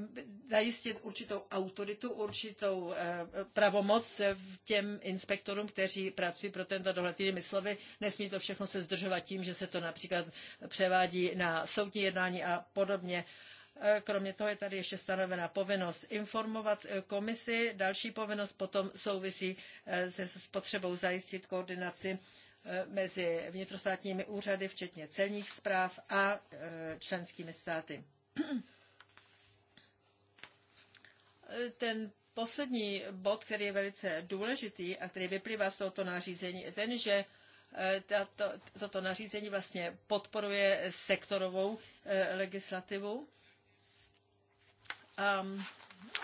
zajistit určitou autoritu, určitou eh, pravomoc těm inspektorům, kteří pracují pro tento dohled. Jinými slovy, nesmí to všechno se zdržovat tím, že se to například převádí na soudní jednání a podobně. Kromě toho je tady ještě stanovena povinnost informovat eh, komisi. Další povinnost potom souvisí eh, se spotřebou zajistit koordinaci eh, mezi vnitrostátními úřady, včetně celních zpráv a členskými státy. Ten poslední bod, který je velice důležitý a který vyplývá z tohoto nařízení, je ten, že tato, toto nařízení vlastně podporuje sektorovou legislativu. A um,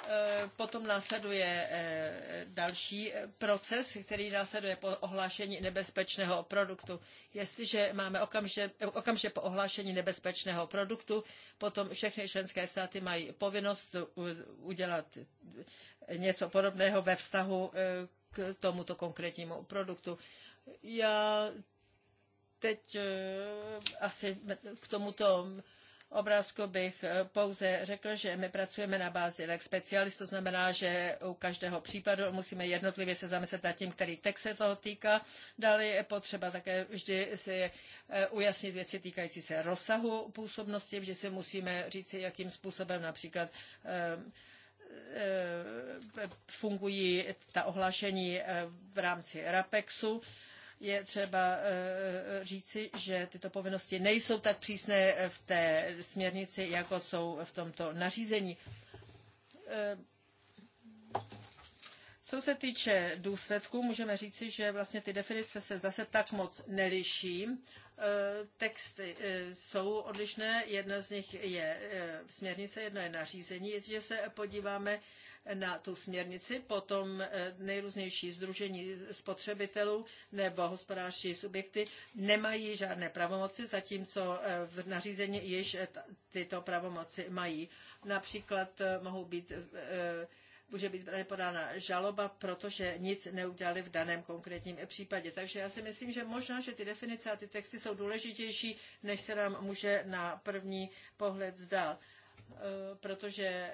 eh, potom následuje eh, další eh, proces, který následuje po ohlášení nebezpečného produktu. Jestliže máme okamžitě, okamžitě po ohlášení nebezpečného produktu, potom všechny členské státy mají povinnost udělat něco podobného ve vztahu k tomuto konkrétnímu produktu. Já teď asi k tomuto obrázku bych eh, pouze řekl, že my pracujeme na bázi lex specialis, to znamená, že u každého případu musíme jednotlivě se zamyslet nad tím, který text se toho týká. Dále je potřeba také vždy si eh, ujasnit věci týkající se rozsahu působnosti, vždy si musíme říci, jakým způsobem například eh, fungují ta ohlášení v rámci RAPEXu je třeba eh, eh, říci, že tyto povinnosti nejsou tak přísné v té směrnici, jako jsou v tomto nařízení. Eh, co se týče důsledků, můžeme říci, že vlastně ty definice se zase tak moc neliší. Texty jsou odlišné, jedna z nich je směrnice, jedno je nařízení. Jestliže se podíváme na tu směrnici, potom eh, nejrůznější združení spotřebitelů nebo hospodářští subjekty nemají žádné pravomoci, zatímco eh, v nařízení již eh, tyto pravomoci mají. Například mohou být může být podána žaloba, protože nic neudělali v daném konkrétním případě. Takže já si myslím, že možná, že ty definice a ty texty jsou důležitější, než se nám může na první pohled zdát. Protože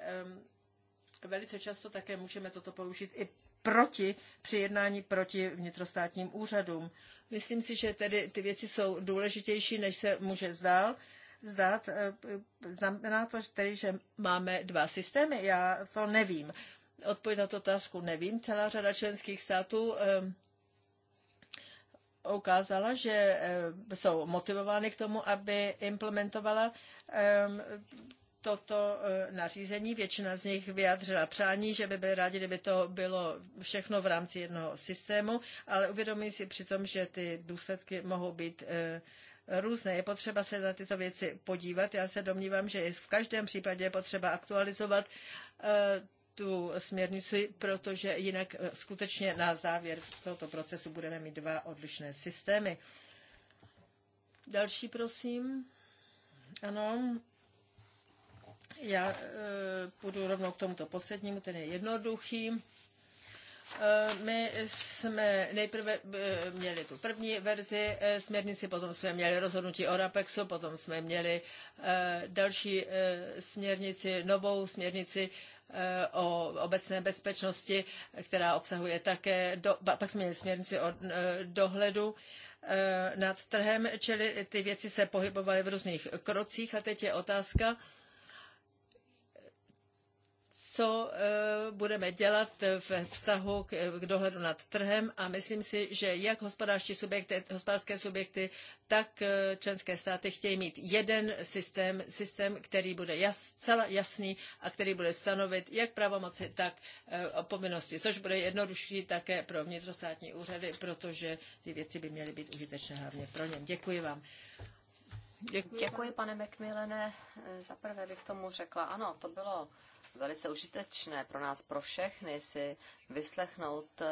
velice často také můžeme toto použít i proti při jednání proti vnitrostátním úřadům. Myslím si, že tedy ty věci jsou důležitější, než se může zdál. Zdát, e, e, znamená to tedy, že máme dva systémy? Já to nevím. Odpověď na tu otázku nevím. Celá řada členských států e, ukázala, že jsou motivovány k tomu, aby implementovala toto e, nařízení. Většina z nich vyjádřila přání, že by byli rádi, kdyby to bylo všechno v rámci jednoho systému, ale uvědomují si přitom, že ty důsledky mohou být e, různé. Je potřeba se na tyto věci podívat. Já se domnívám, že je v každém případě potřeba aktualizovat e, tu směrnici, protože jinak skutečně na závěr tohoto procesu budeme mít dva odlišné systémy. Další, prosím. Ano, já e, půjdu rovnou k tomuto poslednímu, ten je jednoduchý. E, my jsme nejprve e, měli tu první verzi e, směrnici, potom jsme měli rozhodnutí o RAPEXu, potom jsme měli e, další e, směrnici, novou směrnici e, o obecné bezpečnosti, která obsahuje také, do, pak jsme měli směrnici o e, dohledu. E, nad trhem, čili ty věci se pohybovaly v různých krocích a teď je otázka, co eh, budeme dělat ve vztahu k, dohledu nad trhem a myslím si, že jak hospodářské subjekty, hospodářské subjekty, tak eh, členské státy chtějí mít jeden systém, systém, který bude jas, celá jasný a který bude stanovit jak pravomoci, tak eh, povinnosti, což bude jednodušší také pro vnitrostátní úřady, protože ty věci by měly být užitečné hlavně pro ně. Děkuji vám. Děkuji, Děkuji pane Macmillane. Za prvé bych tomu řekla, ano, to bylo velice užitečné pro nás, pro všechny, si vyslechnout eh,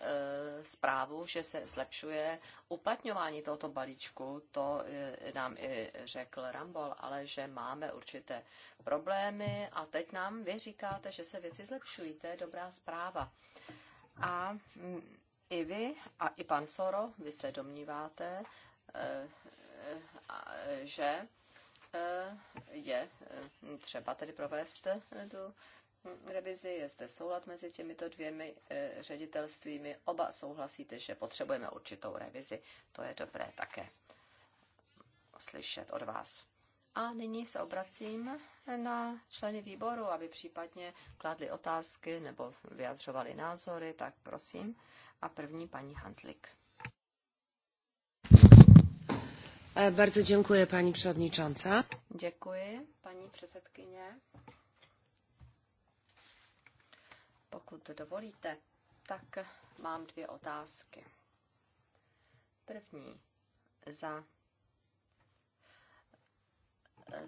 eh, zprávu, že se zlepšuje uplatňování tohoto balíčku. To eh, nám i řekl Rambol, ale že máme určité problémy a teď nám vy říkáte, že se věci zlepšují. To je dobrá zpráva. A mm, i vy a i pan Soro, vy se domníváte, že je eh, třeba tedy provést eh, tu revizi, je zde soulad mezi těmito dvěmi eh, ředitelstvími. Oba souhlasíte, že potřebujeme určitou revizi. To je dobré také slyšet od vás. A nyní se obracím na členy výboru, aby případně kladli otázky nebo vyjadřovali názory, tak prosím. A první paní Hanslik. E, bardzo dziękuję pani przewodnicząca. Děkuji, paní předsedkyně. Pokud dovolíte, tak mám dvě otázky. První za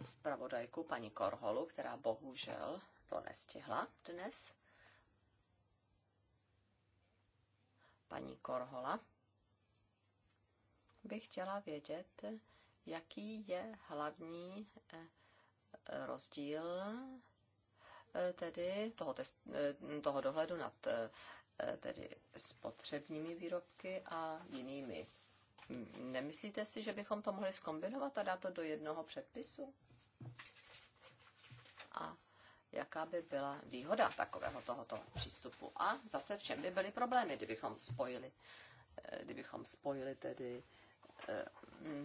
zpravodajku paní Korholu, která bohužel to nestihla dnes. Paní Korhola bych chtěla vědět, jaký je hlavní eh, rozdíl eh, tedy toho, test, eh, toho dohledu nad tedy spotřebními výrobky a jinými. Nemyslíte si, že bychom to mohli skombinovat a dát to do jednoho předpisu? A jaká by byla výhoda takového tohoto přístupu? A zase v čem by byly problémy, kdybychom spojili, kdybychom spojili tedy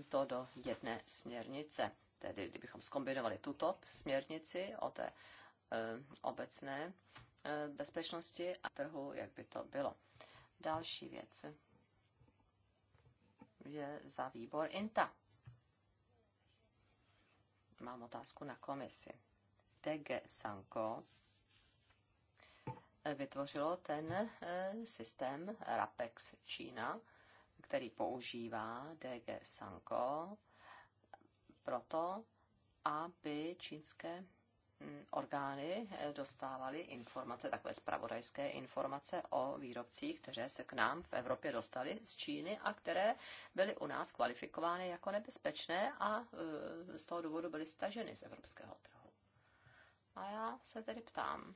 to do jedné směrnice. Tedy kdybychom skombinovali tuto směrnici o té eh, obecné eh, bezpečnosti a trhu, jak by to bylo. Další věc je za výbor INTA. Mám otázku na komisi. DG Sanko eh, vytvořilo ten systém RAPEX Čína, který používá DG Sanko proto, aby čínské mm, orgány eh, dostávaly informace, takové spravodajské informace o výrobcích, které se k nám v Evropě dostaly z Číny a které byly u nás kvalifikovány jako nebezpečné a eh, z toho důvodu byly staženy z evropského trhu. A já se tedy ptám,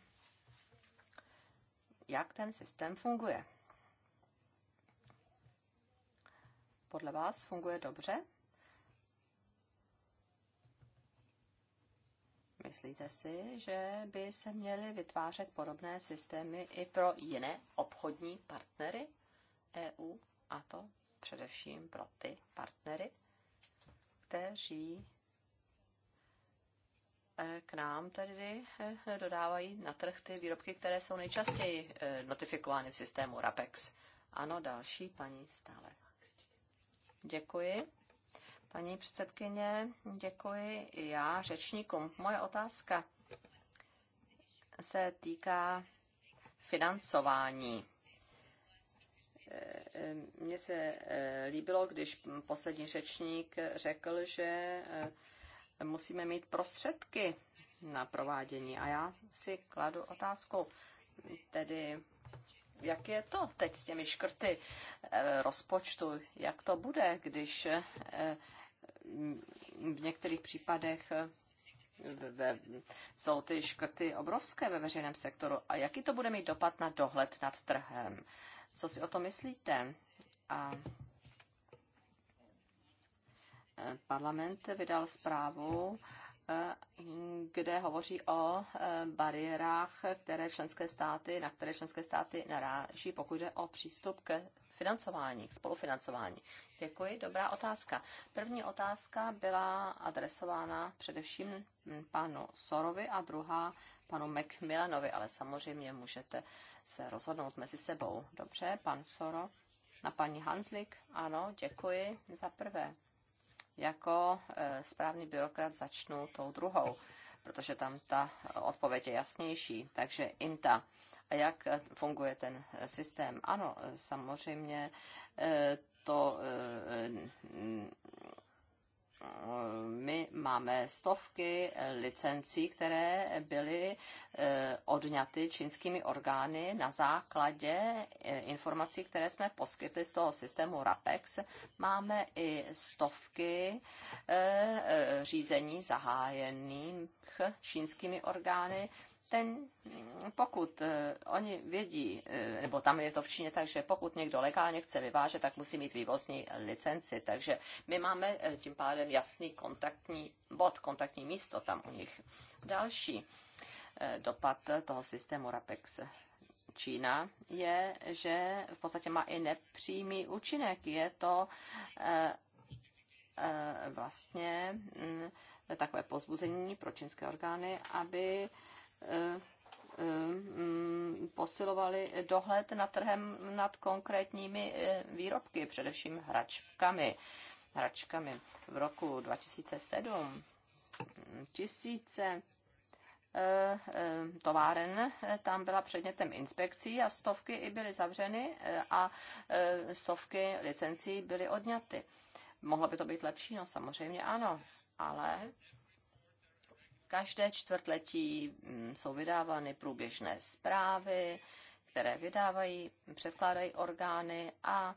jak ten systém funguje podle vás funguje dobře? Myslíte si, že by se měly vytvářet podobné systémy i pro jiné obchodní partnery EU, a to především pro ty partnery, kteří eh, k nám tedy eh, dodávají na trh ty výrobky, které jsou nejčastěji eh, notifikovány v systému RAPEX. Ano, další paní stále. Děkuji. Paní předsedkyně, děkuji i já řečníkům. Moje otázka se týká financování. Mně se eh, líbilo, když poslední řečník řekl, že eh, musíme mít prostředky na provádění. A já si kladu otázku, tedy jak je to teď s těmi škrty eh, rozpočtu, jak to bude, když eh, v některých případech eh, jsou ty škrty obrovské ve veřejném sektoru a jaký to bude mít dopad na dohled nad trhem. Co si o to myslíte? A parlament vydal zprávu E, kde hovoří o e, bariérách, které členské státy, na které členské státy naráží, pokud jde o přístup k financování, k spolufinancování. Děkuji, dobrá otázka. První otázka byla adresována především panu Sorovi a druhá panu McMillanovi, ale samozřejmě můžete se rozhodnout mezi sebou. Dobře, pan Soro. Na paní Hanslik, ano, děkuji za prvé jako e, správný byrokrat začnu tou druhou, protože tam ta odpověď je jasnější. Takže INTA. A jak e, funguje ten e, systém? Ano, samozřejmě to my máme stovky licencí, které byly eh, odňaty čínskými orgány na základě eh, informací, které jsme poskytli z toho systému RAPEX. Máme i stovky eh, řízení zahájených čínskými orgány ten, pokud eh, oni vědí, eh, nebo tam je to v Číně, takže pokud někdo legálně chce vyvážet, tak musí mít vývozní licenci. Takže my máme eh, tím pádem jasný kontaktní bod, kontaktní místo tam u nich. Další dopad toho systému RAPEX Čína je, že v podstatě má i nepřímý účinek. Je to vlastně mm, takové pozbuzení pro čínské orgány, aby Eh, eh, posilovali dohled nad trhem nad konkrétními eh, výrobky, především hračkami. hračkami. V roku 2007 tisíce továren tam byla předmětem inspekcí a stovky i byly zavřeny a stovky licencí byly odňaty. Mohlo by to být lepší? No samozřejmě ano, ale Každé čtvrtletí mm, jsou vydávány průběžné zprávy, které vydávají, předkládají orgány a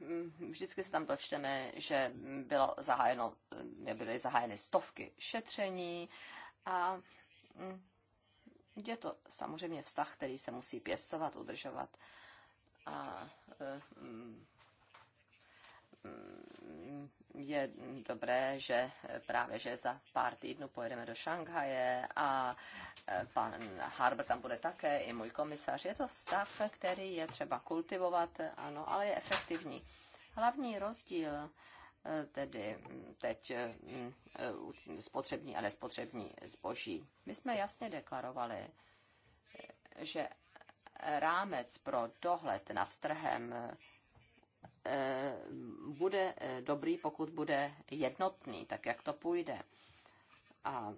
mm, vždycky se tam dočteme, že bylo zahájeno, mm, byly zahájeny stovky šetření a je to samozřejmě vztah, který se musí pěstovat, udržovat. A eh, je dobré, že právě že za pár týdnů pojedeme do Šanghaje a e, pan Harbour tam bude také, i můj komisař. Je to vztah, který je třeba kultivovat, ano, ale je efektivní. Hlavní rozdíl e, tedy teď e, spotřební a nespotřební zboží. My jsme jasně deklarovali, že rámec pro dohled nad trhem Eh, bude eh, dobrý, pokud bude jednotný, tak jak to půjde. A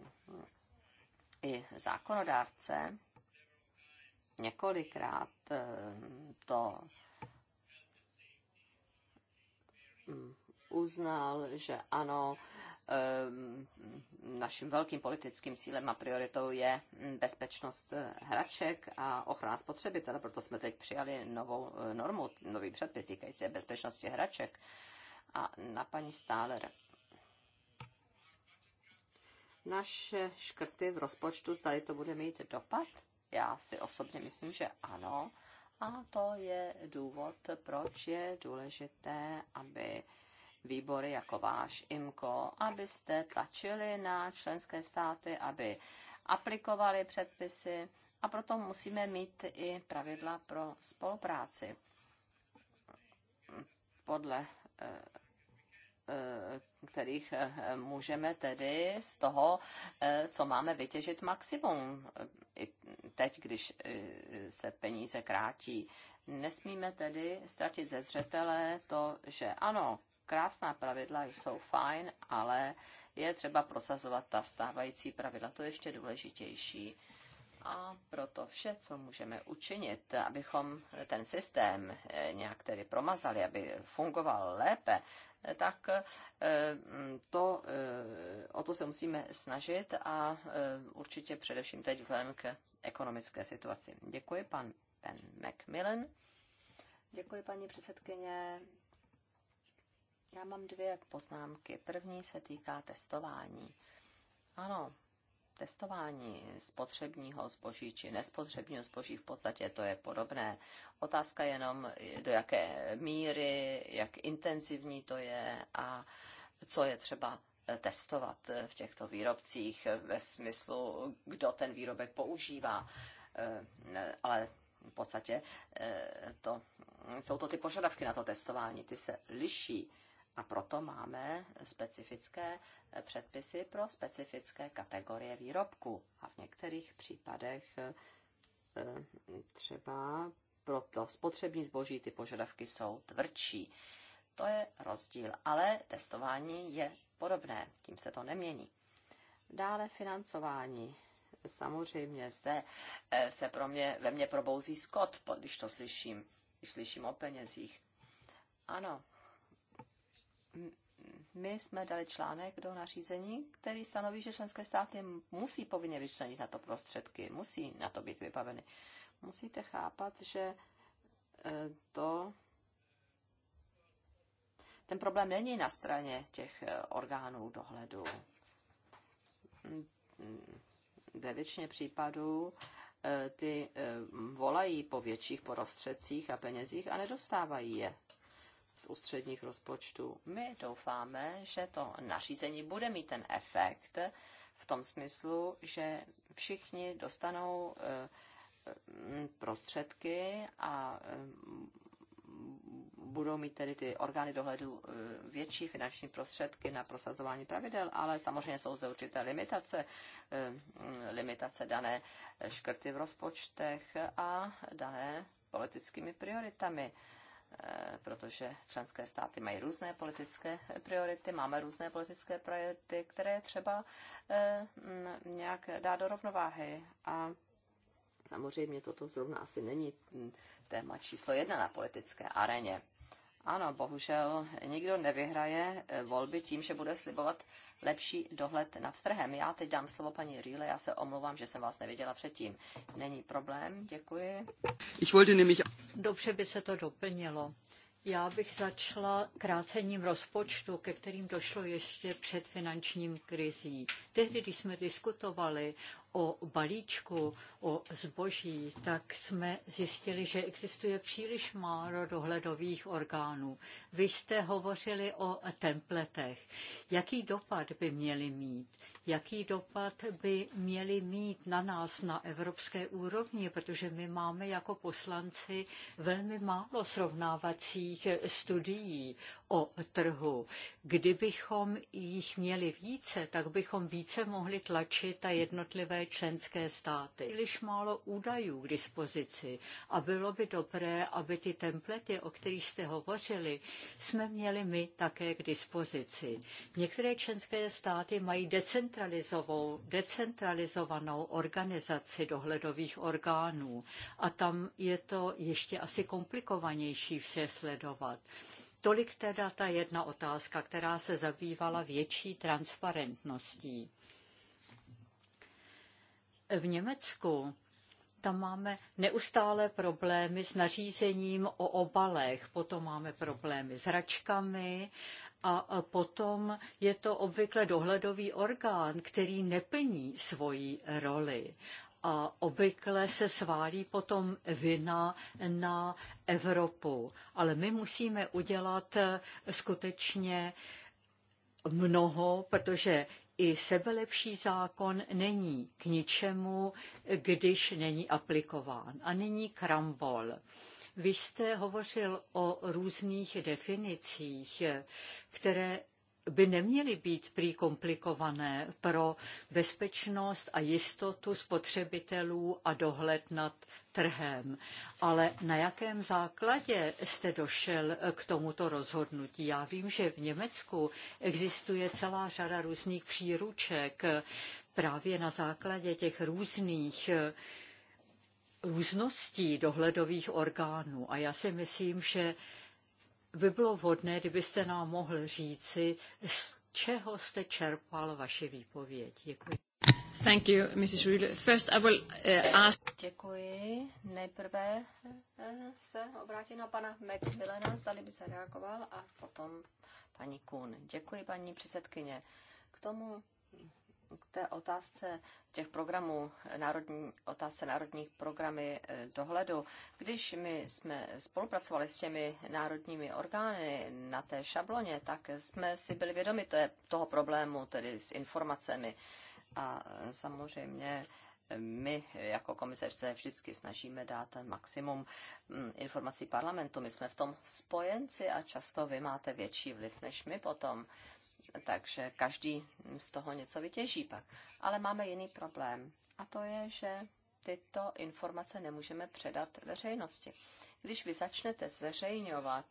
i zákonodárce několikrát eh, to mm, uznal, že ano, naším velkým politickým cílem a prioritou je bezpečnost eh, hraček a ochrana spotřebitele. Proto jsme teď přijali novou eh, normu, nový předpis týkající bezpečnosti hraček. A na paní Stáler. Naše škrty v rozpočtu, zdali to bude mít dopad? Já si osobně myslím, že ano. A to je důvod, proč je důležité, aby výbory jako váš IMCO, abyste tlačili na členské státy, aby aplikovali předpisy a proto musíme mít i pravidla pro spolupráci podle eh, eh, kterých eh, můžeme tedy z toho, co máme vytěžit maximum. I teď, když se peníze krátí, nesmíme tedy ztratit ze zřetele to, že ano, krásná pravidla jsou fajn, ale je třeba prosazovat ta stávající pravidla, to je ještě důležitější. A proto vše, co můžeme učinit, abychom ten systém eh, nějak tedy promazali, aby fungoval lépe, eh, tak eh, mm, to, o to se musíme snažit a určitě především teď vzhledem k ekonomické situaci. Děkuji, pan Ben Macmillan. Děkuji, paní předsedkyně. Já mám dvě poznámky. První se týká testování. Ano, testování spotřebního zboží či nespotřebního zboží v podstatě to je podobné. Otázka jenom, do jaké míry, jak intenzivní to je a co je třeba eh, testovat eh, v těchto výrobcích ve smyslu, kdo ten výrobek používá. Eh, ale v podstatě to, jsou to ty požadavky na to testování, ty se liší a proto máme specifické předpisy pro specifické kategorie výrobků. A v některých případech e, třeba pro to spotřební zboží ty požadavky jsou tvrdší. To je rozdíl, ale testování je podobné, tím se to nemění. Dále financování. Samozřejmě zde e, se pro mě, ve mně probouzí skot, když to slyším, když slyším o penězích. Ano, my jsme dali článek do nařízení, který stanoví, že členské státy musí povinně vyčlenit na to prostředky, musí na to být vybaveny. Musíte chápat, že e, to ten problém není na straně těch e, orgánů dohledu. Ve většině případů e, ty volají po větších prostředcích a penězích a nedostávají je z ústředních rozpočtů. My doufáme, že to nařízení bude mít ten efekt v tom smyslu, že všichni dostanou eh, eh, prostředky a eh, budou mít tedy ty orgány dohledu větší finanční prostředky na prosazování pravidel, ale samozřejmě jsou zde určité limitace, limitace dané škrty v rozpočtech a dané politickými prioritami. Eh, protože členské státy mají různé politické priority, máme různé politické priority, které třeba eh, nějak dá do rovnováhy. A samozřejmě toto zrovna asi není mm, téma číslo jedna na politické aréně. Ano, bohužel nikdo nevyhraje eh, volby tím, že bude slibovat lepší dohled nad trhem. Já teď dám slovo paní Rýle, já se omlouvám, že jsem vás neviděla předtím. Není problém, děkuji. Ich wollte nämlich... Dobře by se to doplnilo. Já bych začala krácením rozpočtu, ke kterým došlo ještě před finančním krizí. Tehdy, když jsme diskutovali o balíčku, o zboží, tak jsme zjistili, že existuje příliš málo dohledových orgánů. Vy jste hovořili o templetech. Jaký dopad by měly mít? Jaký dopad by měly mít na nás na evropské úrovni? Protože my máme jako poslanci velmi málo srovnávacích studií o trhu. Kdybychom jich měli více, tak bychom více mohli tlačit a jednotlivé členské státy. Když málo údajů k dispozici a bylo by dobré, aby ty templety, o kterých jste hovořili, jsme měli my také k dispozici. Některé členské státy mají decentralizovanou, decentralizovanou organizaci dohledových orgánů a tam je to ještě asi komplikovanější vše sledovat. Tolik teda ta jedna otázka, která se zabývala větší transparentností v Německu tam máme neustále problémy s nařízením o obalech, potom máme problémy s račkami a potom je to obvykle dohledový orgán, který neplní svoji roli. A obvykle se sválí potom vina na Evropu. Ale my musíme udělat eh, skutečně mnoho, protože i sebelepší zákon není k ničemu, když není aplikován. A není krambol. Vy jste hovořil o různých definicích, které by neměly být prý komplikované pro bezpečnost a jistotu spotřebitelů a dohled nad trhem. Ale na jakém základě jste došel k tomuto rozhodnutí? Já vím, že v Německu existuje celá řada různých příruček právě na základě těch různých eh, růzností dohledových orgánů. A já si myslím, že by bylo vhodné, kdybyste nám mohl říci, z čeho jste čerpal vaše výpověď. Děkuji. Thank you, Mrs. Rühle. First I will uh, ask... Děkuji. Nejprve eh, se obrátím na pana McMillena, zdali by se reagoval, a potom paní Kuhn. Děkuji, paní předsedkyně. K tomu k té otázce těch programů, národní, otázce národních programy eh, dohledu. Když my jsme spolupracovali s těmi národními orgány na té šabloně, tak jsme si byli vědomi to je, toho problému, tedy s informacemi. A samozřejmě eh, my jako komise se vždycky snažíme dát maximum mm, informací parlamentu. My jsme v tom spojenci a často vy máte větší vliv než my potom takže každý z toho něco vytěží pak. Ale máme jiný problém a to je, že tyto informace nemůžeme předat veřejnosti. Když vy začnete zveřejňovat,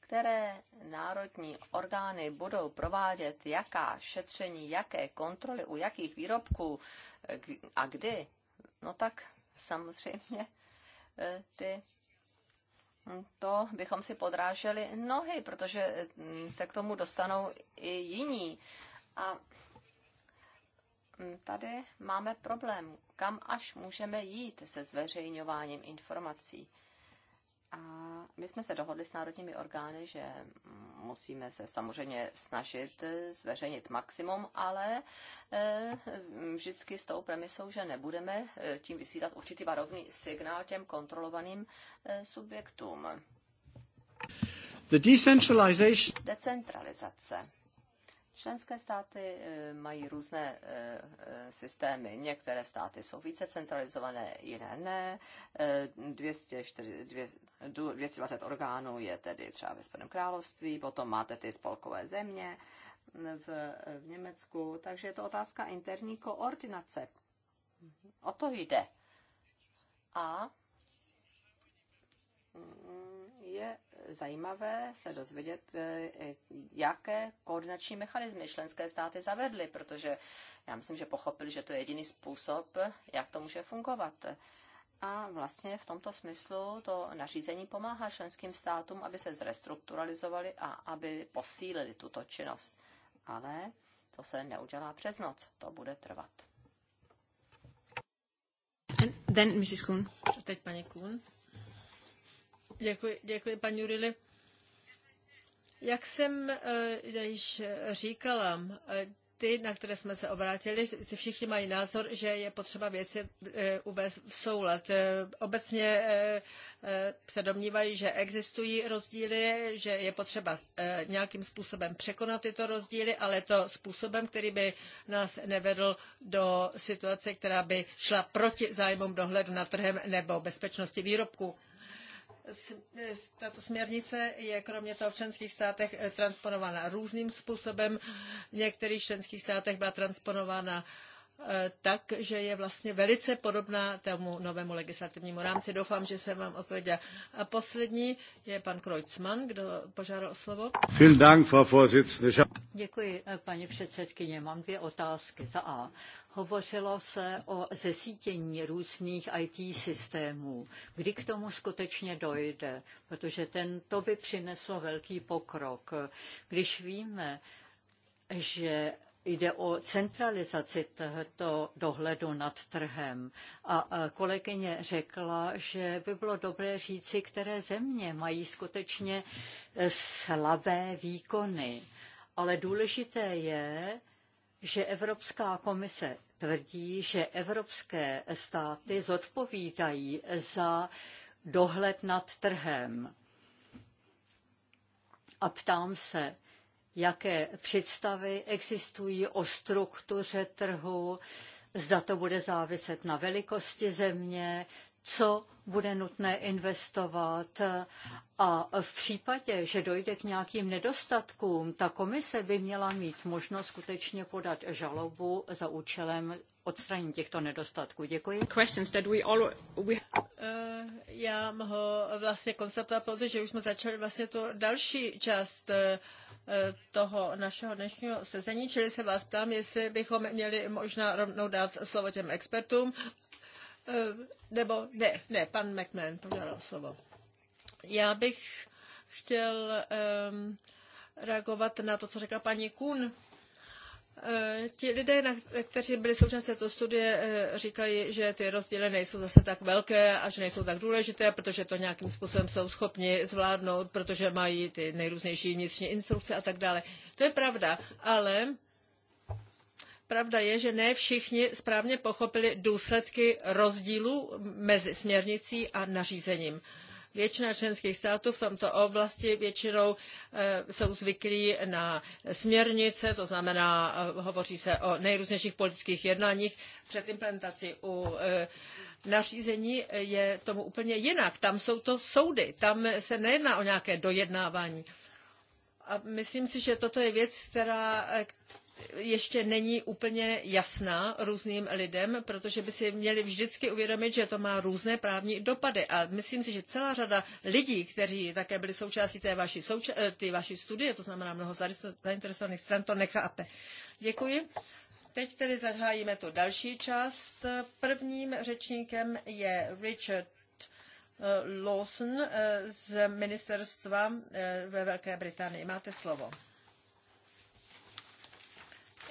které národní orgány budou provádět jaká šetření, jaké kontroly u jakých výrobků a kdy, no tak samozřejmě eh, ty to bychom si podráželi nohy, protože mm, se k tomu dostanou i jiní. A mm, tady máme problém, kam až můžeme jít se zveřejňováním informací. A my jsme se dohodli s národními orgány, že musíme se samozřejmě snažit zveřejnit maximum, ale eh, vždycky s tou premisou, že nebudeme eh, tím vysílat určitý varovný signál těm kontrolovaným eh, subjektům. The decentralization... Decentralizace Členské státy eh, mají různé eh, eh, systémy. Některé státy jsou více centralizované, jiné ne. 220 orgánů je tedy třeba ve Spojeném království, potom máte ty spolkové země mm, v, v Německu, takže je to otázka interní koordinace. O to jde. A mm, je zajímavé se dozvědět, e, e, jaké koordinační mechanismy členské státy zavedly, protože já myslím, že pochopili, že to je jediný způsob, jak to může fungovat. A vlastně v tomto smyslu to nařízení pomáhá členským státům, aby se zrestrukturalizovali a aby posílili tuto činnost. Ale to se neudělá přes noc, to bude trvat. And then Mrs. Kuhn. teď paní Kuhn. Děkuji, děkuji paní Jurili. Jak jsem eh, již říkala, eh, ty, na které jsme se obrátili, ty všichni mají názor, že je potřeba věci eh, uvést v soulad. Obecně se domnívají, že existují rozdíly, že je potřeba nějakým způsobem překonat tyto rozdíly, ale to způsobem, který by nás nevedl do situace, která by šla proti zájmům dohledu nad trhem nebo bezpečnosti výrobků tato směrnice je kromě toho v členských státech eh, transponována různým způsobem. V některých členských státech byla transponována Eh, tak, že je vlastně velice podobná tomu novému legislativnímu rámci. Doufám, že jsem vám odpověděla. A poslední je pan Kreutzmann, kdo požádal o slovo. Děkuji, eh, paní předsedkyně. Mám dvě otázky. Za A. Hovořilo se o zesítění různých IT systémů. Kdy k tomu skutečně dojde? Protože ten, to by přineslo velký pokrok. Když víme, že jde o centralizaci tohoto dohledu nad trhem. A kolegyně řekla, že by bylo dobré říci, které země mají skutečně eh, slabé výkony. Ale důležité je, že Evropská komise tvrdí, že evropské státy zodpovídají za dohled nad trhem. A ptám se, jaké představy existují o struktuře trhu, zda to bude záviset na velikosti země, co bude nutné investovat a v případě, že dojde k nějakým nedostatkům, ta komise by měla mít možnost skutečně podat žalobu za účelem odstranění těchto nedostatků. Děkuji. Questions that we all, we... Uh, já mohu vlastně konstatovat že už jsme začali vlastně tu další část uh, Eh, toho našeho dnešního sezení, čili se vás ptám, jestli bychom měli možná rovnou dát slovo těm expertům, eh, nebo ne, ne, pan McMahon požádal slovo. Já bych chtěl um, reagovat na to, co řekla paní Kuhn. Eh, ti lidé, kteří byli součástí této studie, eh, říkají, že ty rozdíly nejsou zase tak velké a že nejsou tak důležité, protože to nějakým způsobem jsou schopni zvládnout, protože mají ty nejrůznější vnitřní instrukce a tak dále. To je pravda, ale pravda je, že ne všichni správně pochopili důsledky rozdílů mezi směrnicí a nařízením. Uh, Většina členských států v tomto oblasti většinou eh, jsou zvyklí na směrnice, to znamená, eh, hovoří se o nejrůznějších politických jednáních před implementací u eh, nařízení je tomu úplně jinak. Tam jsou to soudy, tam se nejedná o nějaké dojednávání. A myslím si, že toto je věc, která, ještě není úplně jasná různým lidem, protože by si měli vždycky uvědomit, že to má různé právní dopady. A myslím si, že celá řada lidí, kteří také byli součástí té vaší, souča- eh, vaší studie, to znamená mnoho zainteresovaných stran, to nechápe. Děkuji. Teď tedy zahájíme tu další část. Prvním řečníkem je Richard eh, Lawson eh, z ministerstva ve Velké Británii. Máte slovo.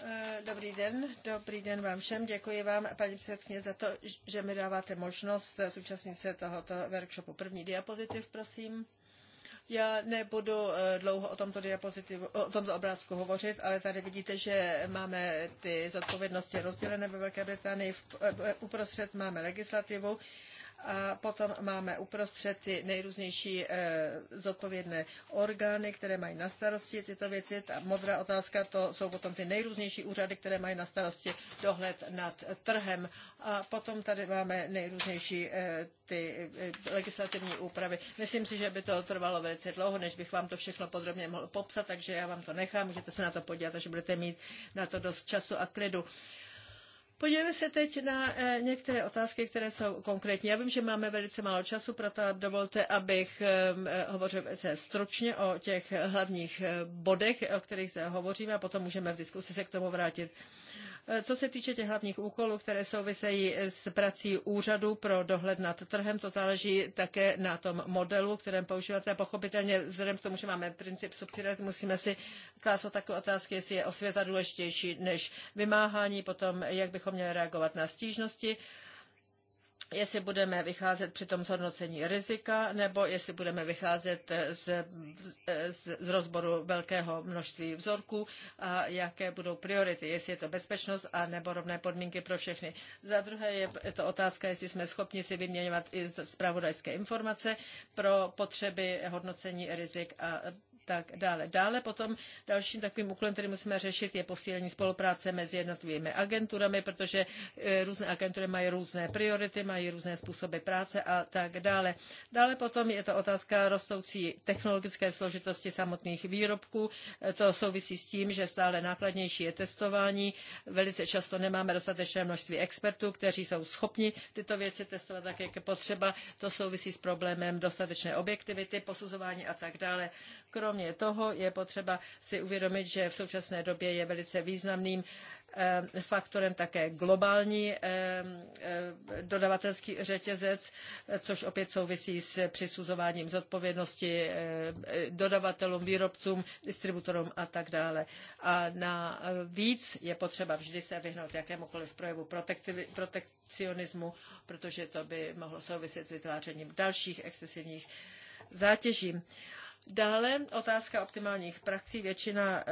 Eh, dobrý den, dobrý den vám všem. Děkuji vám, paní předsedkyně, za to, že mi dáváte možnost eh, zúčastnit se tohoto workshopu. První diapozitiv, prosím. Já nebudu eh, dlouho o tomto diapozitivu, o tomto obrázku hovořit, ale tady vidíte, že máme ty zodpovědnosti rozdělené ve Velké Británii. Uprostřed máme legislativu a potom máme uprostřed ty nejrůznější eh, zodpovědné orgány, které mají na starosti tyto věci. Ta modrá otázka to jsou potom ty nejrůznější úřady, které mají na starosti dohled nad trhem. A potom tady máme nejrůznější eh, ty eh, legislativní úpravy. Myslím si, že by to trvalo velice dlouho, než bych vám to všechno podrobně mohl popsat, takže já vám to nechám, můžete se na to podívat, takže budete mít na to dost času a klidu. Podívejme se teď na eh, některé otázky, které jsou konkrétní. Já vím, že máme velice málo času, proto dovolte, abych ehm, eh, hovořil se stručně o těch hlavních eh, bodech, o kterých se hovoříme a potom můžeme v diskusi se k tomu vrátit. Eh, co se týče těch hlavních úkolů, které souvisejí eh, s prací úřadu pro dohled nad trhem, to záleží také na tom modelu, kterém používáte. A pochopitelně, vzhledem k tomu, že máme princip subsidiarity, musíme si klást takové otázky, jestli je osvěta důležitější než vymáhání, potom jak bychom měli reagovat na stížnosti jestli budeme vycházet při tom zhodnocení rizika, nebo jestli budeme vycházet z, z, z rozboru velkého množství vzorků a jaké budou priority, jestli je to bezpečnost a nebo rovné podmínky pro všechny. Za druhé je to otázka, jestli jsme schopni si vyměňovat i zpravodajské informace pro potřeby hodnocení rizik a tak dále. Dále potom dalším takovým úkolem, který musíme řešit, je posílení spolupráce mezi jednotlivými agenturami, protože e, různé agentury mají různé priority, mají různé způsoby práce a tak dále. Dále potom je to otázka rostoucí technologické složitosti samotných výrobků. E, to souvisí s tím, že stále nákladnější je testování. Velice často nemáme dostatečné množství expertů, kteří jsou schopni tyto věci testovat tak, jak je potřeba. To souvisí s problémem dostatečné objektivity, posuzování a tak dále. Kromě toho je potřeba si uvědomit, že v současné době je velice významným eh, faktorem také globální eh, eh, dodavatelský řetězec, což opět souvisí s přisuzováním zodpovědnosti dodavatelům, výrobcům, distributorům a tak dále. A na víc je potřeba vždy se vyhnout jakémukoliv projevu protekcionismu, protože to by mohlo souviset s vytvářením dalších excesivních zátěží. Dále otázka optimálních praxí. Většina eh,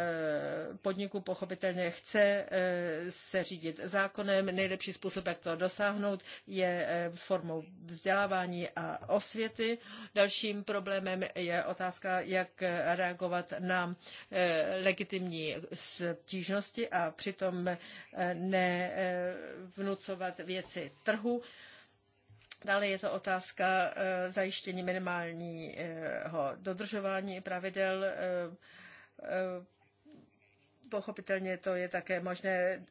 podniků pochopitelně chce eh, se řídit zákonem. Nejlepší způsob, jak to dosáhnout, je eh, formou vzdělávání a osvěty. Dalším problémem je otázka, jak reagovat na legitimní stížnosti a přitom nevnucovat věci trhu. Dále je to otázka eh, zajištění minimálního dodržování pravidel. Eh, eh, pochopitelně to je také možné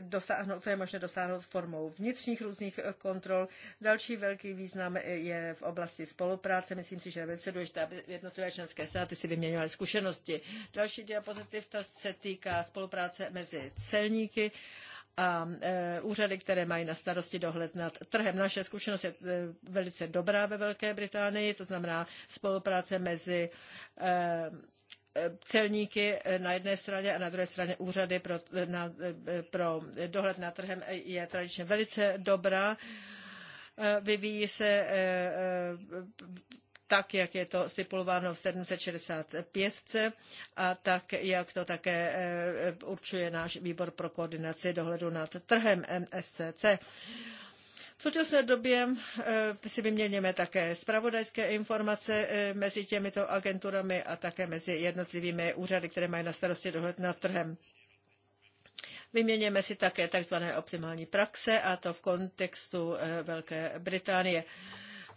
dosáhnout, to je možné dosáhnout formou vnitřních různých kontrol. Další velký význam je v oblasti spolupráce. Myslím si, že je velice důležité, aby jednotlivé členské státy si vyměňovaly zkušenosti. Další diapozitiv se týká spolupráce mezi celníky a e, úřady, které mají na starosti dohled nad trhem. Naše zkušenost je e, velice dobrá ve Velké Británii, to znamená spolupráce mezi e, celníky na jedné straně a na druhé straně úřady pro, na, pro dohled nad trhem je tradičně velice dobrá. Vyvíjí se tak, jak je to stipulováno v 765 a tak, jak to také eh, určuje náš výbor pro koordinaci dohledu nad trhem MSCC. V současné době eh, si vyměňujeme také zpravodajské informace eh, mezi těmito agenturami a také mezi jednotlivými úřady, které mají na starosti dohled nad trhem. Vyměňujeme si také tzv. optimální praxe a to v kontextu Velké Británie.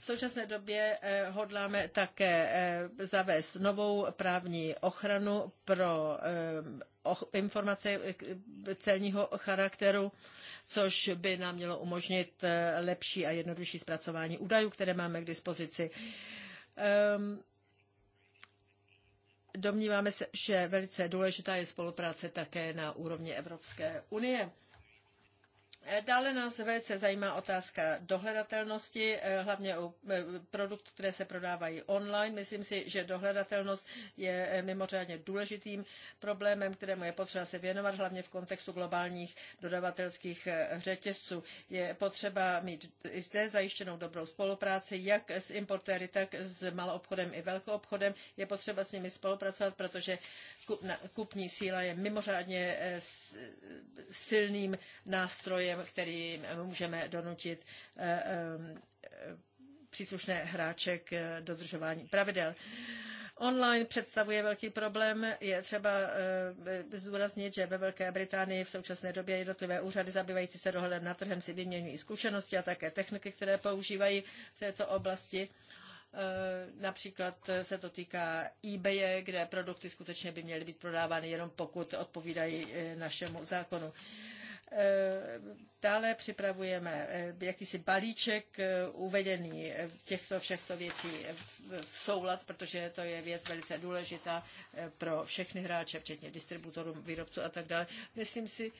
V současné době eh, hodláme také eh, zavést novou právní ochranu pro eh, informace celního charakteru, což by nám mělo umožnit lepší a jednodušší zpracování údajů, které máme k dispozici. Ehm, domníváme se, že velice důležitá je spolupráce také na úrovni Evropské unie. Dále nás velice zajímá otázka dohledatelnosti, eh, hlavně u eh, produktů, které se prodávají online. Myslím si, že dohledatelnost je eh, mimořádně důležitým problémem, kterému je potřeba se věnovat, hlavně v kontextu globálních dodavatelských řetězců. Je potřeba mít i zde zajištěnou dobrou spolupráci, jak s importéry, tak s maloobchodem i velkoobchodem. Je potřeba s nimi spolupracovat, protože kupní síla je mimořádně eh, silným nástrojem, který můžeme donutit eh, eh, příslušné hráče k dodržování pravidel. Online představuje velký problém. Je třeba zdůraznit, že ve Velké Británii v současné době jednotlivé úřady zabývající se dohledem na trhem si vyměňují zkušenosti a také techniky, které používají v této oblasti. Eh, například eh, se to týká eBay, kde produkty skutečně by měly být prodávány jenom pokud odpovídají eh, našemu zákonu. Eh, dále připravujeme eh, jakýsi balíček eh, uvedený těchto všechto věcí v soulad, protože to je věc velice důležitá pro všechny hráče, včetně distributorů, výrobců a tak dále. Myslím si,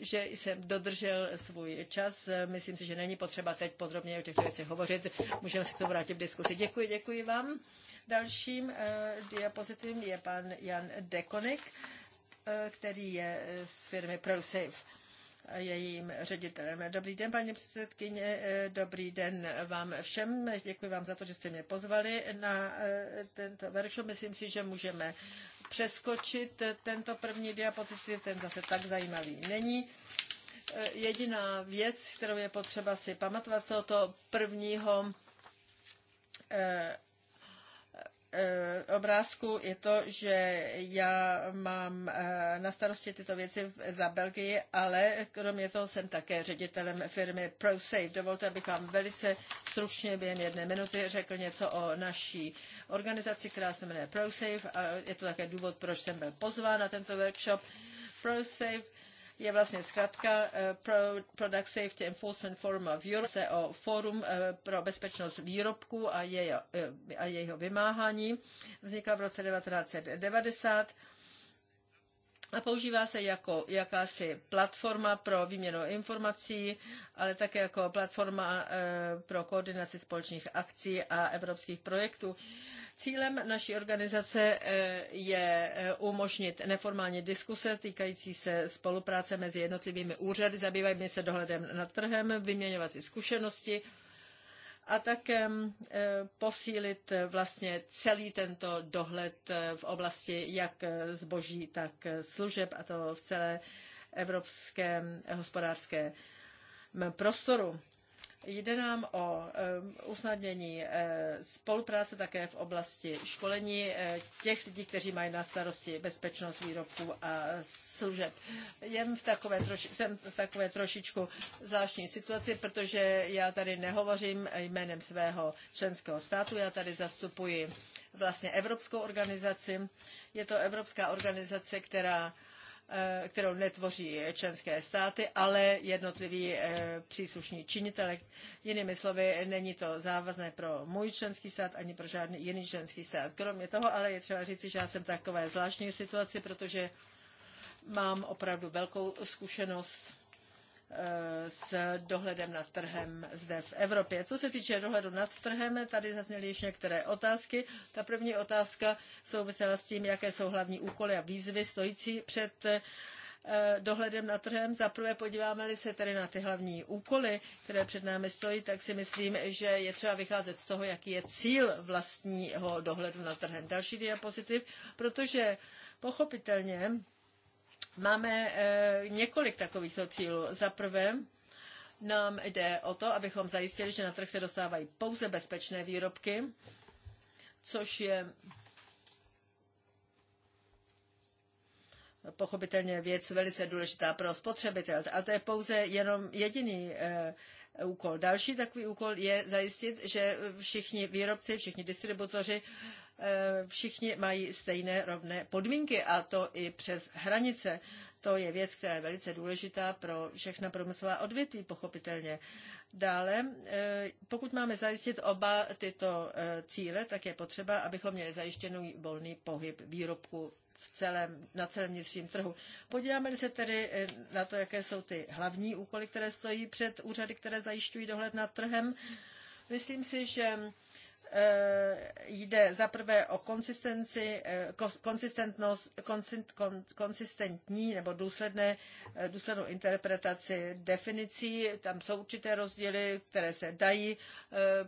že jsem dodržel svůj čas. Myslím si, že není potřeba teď podrobně o těchto věcech hovořit. Můžeme se k tomu vrátit v diskusi. Děkuji, děkuji vám. Dalším diapozitivem je pan Jan Dekonik, který je z firmy ProSafe jejím ředitelem. Dobrý den, paní předsedkyně, dobrý den vám všem. Děkuji vám za to, že jste mě pozvali na eh, tento workshop. Myslím si, že můžeme přeskočit tento první diapozitiv, ten zase tak zajímavý není. Eh, jediná věc, kterou je potřeba si pamatovat z tohoto prvního eh, Eh, obrázku je to, že já mám eh, na starosti tyto věci za Belgii, ale kromě toho jsem také ředitelem firmy ProSafe. Dovolte, abych vám velice stručně během jedné minuty řekl něco o naší organizaci, která se jmenuje ProSafe a je to také důvod, proč jsem byl pozván na tento workshop. ProSafe je vlastně zkrátka eh, Product Safety Enforcement Forum of Europe, se o Forum eh, pro bezpečnost výrobků a, jeho, eh, a jeho vymáhání. Vznikla v roce 1990 a používá se jako jakási platforma pro výměnu informací, ale také jako platforma pro koordinaci společných akcí a evropských projektů. Cílem naší organizace eh, je eh, umožnit neformální diskuse týkající se spolupráce mezi jednotlivými úřady, zabývajme se dohledem nad trhem, vyměňovat si zkušenosti a také eh, posílit vlastně celý tento dohled v oblasti jak zboží, tak služeb a to v celé evropském hospodářském mm, prostoru. Jde nám o usnadnění eh, spolupráce také v oblasti školení eh, těch lidí, kteří mají na starosti bezpečnost výrobků a služeb. Jen v takové troši, jsem v takové trošičku zvláštní situaci, protože já tady nehovořím jménem svého členského státu, já tady zastupuji vlastně Evropskou organizaci. Je to Evropská organizace, která Eh, kterou netvoří členské státy, ale jednotliví eh, příslušní činitele. Jinými slovy, není to závazné pro můj členský stát ani pro žádný jiný členský stát. Kromě toho ale je třeba říci, že já jsem v takové zvláštní situaci, protože mám opravdu velkou zkušenost Eh, s dohledem nad trhem zde v Evropě. Co se týče dohledu nad trhem, tady zazněly již některé otázky. Ta první otázka souvisela s tím, jaké jsou hlavní úkoly a výzvy stojící před eh, dohledem nad trhem. Za prvé podíváme-li se tedy na ty hlavní úkoly, které před námi stojí, tak si myslím, že je třeba vycházet z toho, jaký je cíl vlastního dohledu nad trhem. Další diapozitiv, protože pochopitelně Máme eh, několik takovýchto cílů. Za prvé, nám jde o to, abychom zajistili, že na trh se dostávají pouze bezpečné výrobky, což je pochopitelně věc velice důležitá pro spotřebitel. A to je pouze jenom jediný eh, úkol. Další takový úkol je zajistit, že všichni výrobci, všichni distributoři Eh, všichni mají stejné rovné podmínky a to i přes hranice. To je věc, která je velice důležitá pro všechna průmyslová odvětví, pochopitelně. Dále, eh, pokud máme zajistit oba tyto eh, cíle, tak je potřeba, abychom měli zajištěný volný pohyb výrobku v celém, na celém vnitřním trhu. Podíváme se tedy na to, jaké jsou ty hlavní úkoly, které stojí před úřady, které zajišťují dohled nad trhem. Myslím si, že Eh, jde zaprvé o konsistenci, eh, konsistentnost, konsistentní nebo důsledné, eh, důslednou interpretaci definicí. Tam jsou určité rozdíly, které se dají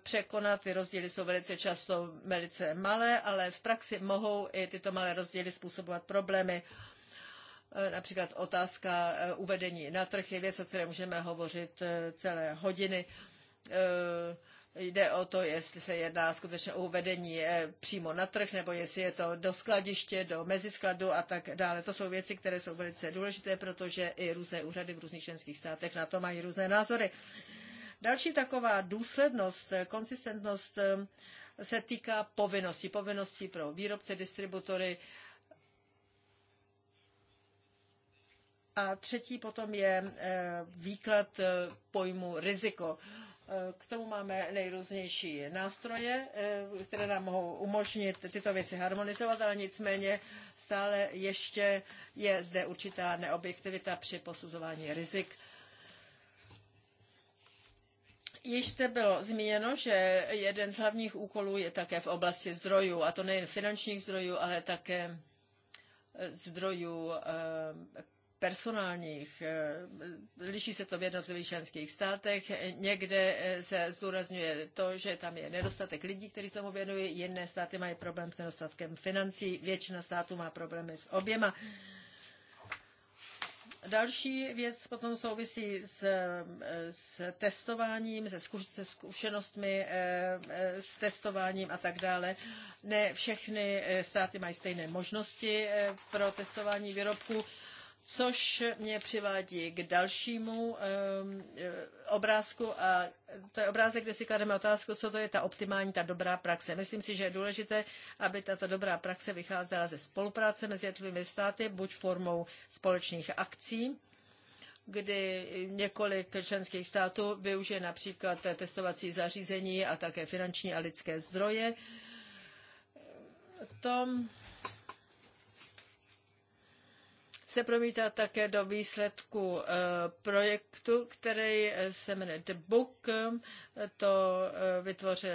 překonat. Ty rozdíly jsou velice často velice malé, ale v praxi mohou i tyto malé rozdíly způsobovat problémy. Například otázka uvedení na trh je věc, o které můžeme hovořit celé hodiny. Uh, Jde o to, jestli se jedná skutečně o uvedení eh, přímo na trh, nebo jestli je to do skladiště, do meziskladu a tak dále. To jsou věci, které jsou velice důležité, protože i různé úřady v různých členských státech na to mají různé názory. Další taková důslednost, eh, konsistentnost eh, se týká povinností. Povinností pro výrobce, distributory. A třetí potom je výklad pojmu riziko. K tomu máme nejrůznější nástroje, eh, které nám mohou umožnit tyto věci harmonizovat, ale nicméně stále ještě je zde určitá neobjektivita při posuzování rizik. Již zde bylo zmíněno, že jeden z hlavních úkolů je také v oblasti zdrojů, a to nejen finančních zdrojů, ale také zdrojů eh, personálních. Eh, liší se to v jednotlivých členských státech. Někde eh, se zdůrazňuje to, že tam je nedostatek lidí, kteří se tomu věnují. Jiné státy mají problém s nedostatkem financí. Většina států má problémy s oběma. Další věc potom souvisí s, eh, s testováním, se, se zkušenostmi, s testováním a tak dále. Ne všechny státy mají stejné možnosti pro testování výrobků. Což mě přivádí k dalšímu um, obrázku a to je obrázek, kde si klademe otázku, co to je ta optimální, ta dobrá praxe. Myslím si, že je důležité, aby tato dobrá praxe vycházela ze spolupráce mezi jednotlivými státy, buď formou společných akcí, kdy několik členských států využije například testovací zařízení a také finanční a lidské zdroje. To se promítá také do výsledku eh, projektu, který se jmenuje The Book. To eh, vytvořil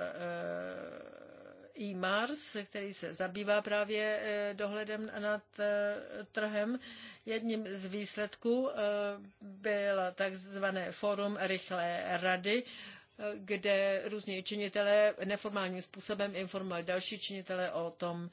eh, e-Mars, který se zabývá právě dohledem nad trhem. Jedním z výsledků byl takzvané Fórum rychlé rady, kde různí činitelé neformálním způsobem informovali další činitelé o tom,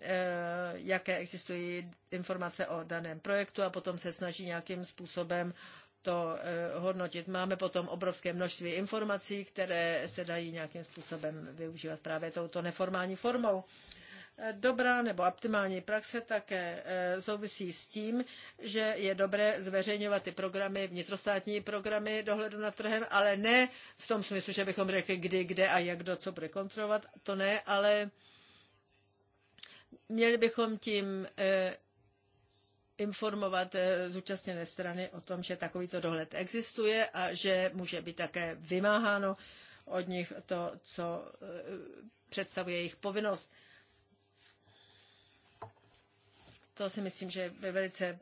Eh, jaké existují informace o daném projektu a potom se snaží nějakým způsobem to eh, hodnotit. Máme potom obrovské množství informací, které se dají nějakým způsobem využívat právě touto neformální formou. Eh, dobrá nebo optimální praxe také souvisí s tím, že je dobré zveřejňovat ty programy, vnitrostátní programy dohledu nad trhem, ale ne v tom smyslu, že bychom řekli kdy, kde a jak, kdo, co bude kontrolovat, to ne, ale Měli bychom tím eh, informovat eh, zúčastněné strany o tom, že takovýto dohled existuje a že může být také vymáháno od nich to, co eh, představuje jejich povinnost. To si myslím, že je velice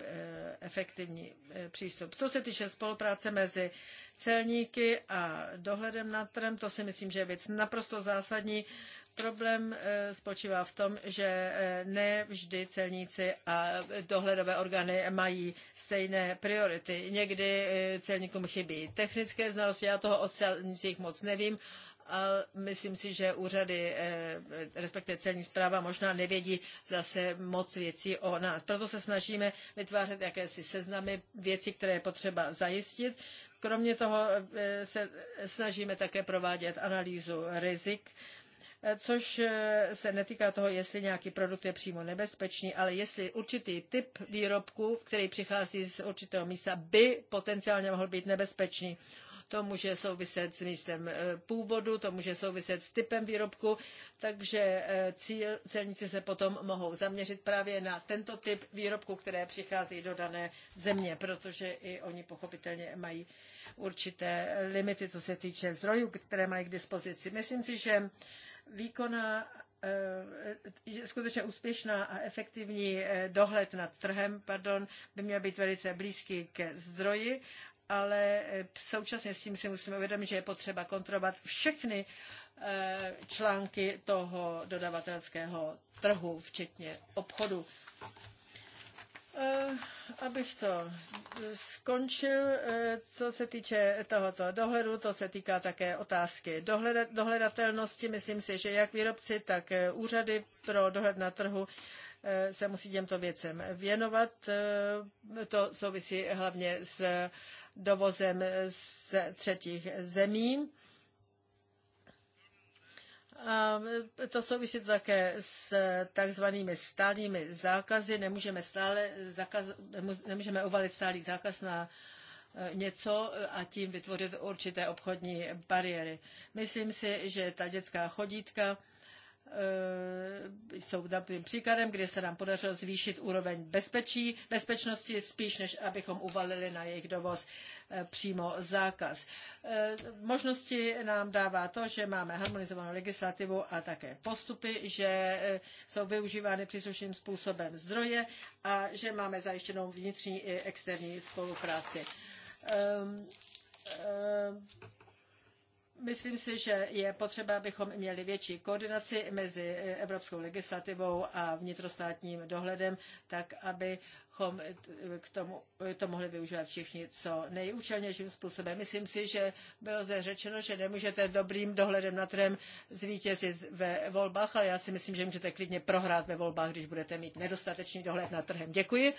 efektivní přístup. Co se týče spolupráce mezi celníky a dohledem nad trhem, to si myslím, že je věc naprosto zásadní. Problém eh, spočívá v tom, že eh, ne vždy celníci a dohledové orgány mají stejné priority. Někdy eh, celníkům chybí technické znalosti, já toho o celnicích moc nevím, ale myslím si, že úřady, respektive celní zpráva, možná nevědí zase moc věcí o nás. Proto se snažíme vytvářet jakési seznamy věcí, které je potřeba zajistit. Kromě toho se snažíme také provádět analýzu rizik Eh, což eh, se netýká toho, jestli nějaký produkt je přímo nebezpečný, ale jestli určitý typ výrobku, který přichází z určitého místa, by potenciálně mohl být nebezpečný. To může souviset s místem eh, původu, to může souviset s typem výrobku, takže cíl, celníci se potom mohou zaměřit právě na tento typ výrobku, které přichází do dané země, protože i oni pochopitelně mají určité limity, co se týče zdrojů, které mají k dispozici. Myslím si, že výkonná eh, skutečně úspěšná a efektivní eh, dohled nad trhem pardon, by měl být velice blízký ke zdroji, ale eh, současně s tím si musíme uvědomit, že je potřeba kontrolovat všechny články toho dodavatelského trhu, včetně obchodu. Eh, abych to skončil, eh, co se týče tohoto dohledu, to se týká také otázky dohledatelnosti. Myslím si, že jak výrobci, tak eh, úřady pro dohled na trhu se musí těmto věcem věnovat. To souvisí hlavně s dovozem z třetích zemí. E, to souvisí také s e, takzvanými stálými zákazy. Nemůžeme, stále zakaz, nemůžeme uvalit stálý zákaz na e, něco a tím vytvořit určité obchodní bariéry. Myslím si, že ta dětská chodítka Eh, jsou dobrým příkladem, kde se nám podařilo zvýšit úroveň bezpečí, bezpečnosti spíš, než abychom uvalili na jejich dovoz eh, přímo zákaz. Eh, možnosti nám dává to, že máme harmonizovanou legislativu a také postupy, že jsou využívány příslušným způsobem zdroje a že máme zajištěnou vnitřní i externí spolupráci. Um, um, Myslím si, že je potřeba, abychom měli větší koordinaci mezi evropskou legislativou a vnitrostátním dohledem, tak abychom k tomu, to mohli využívat všichni co nejúčelnějším způsobem. Myslím si, že bylo zde řečeno, že nemůžete dobrým dohledem na trhem zvítězit ve volbách, ale já si myslím, že můžete klidně prohrát ve volbách, když budete mít nedostatečný dohled na trhem. Děkuji.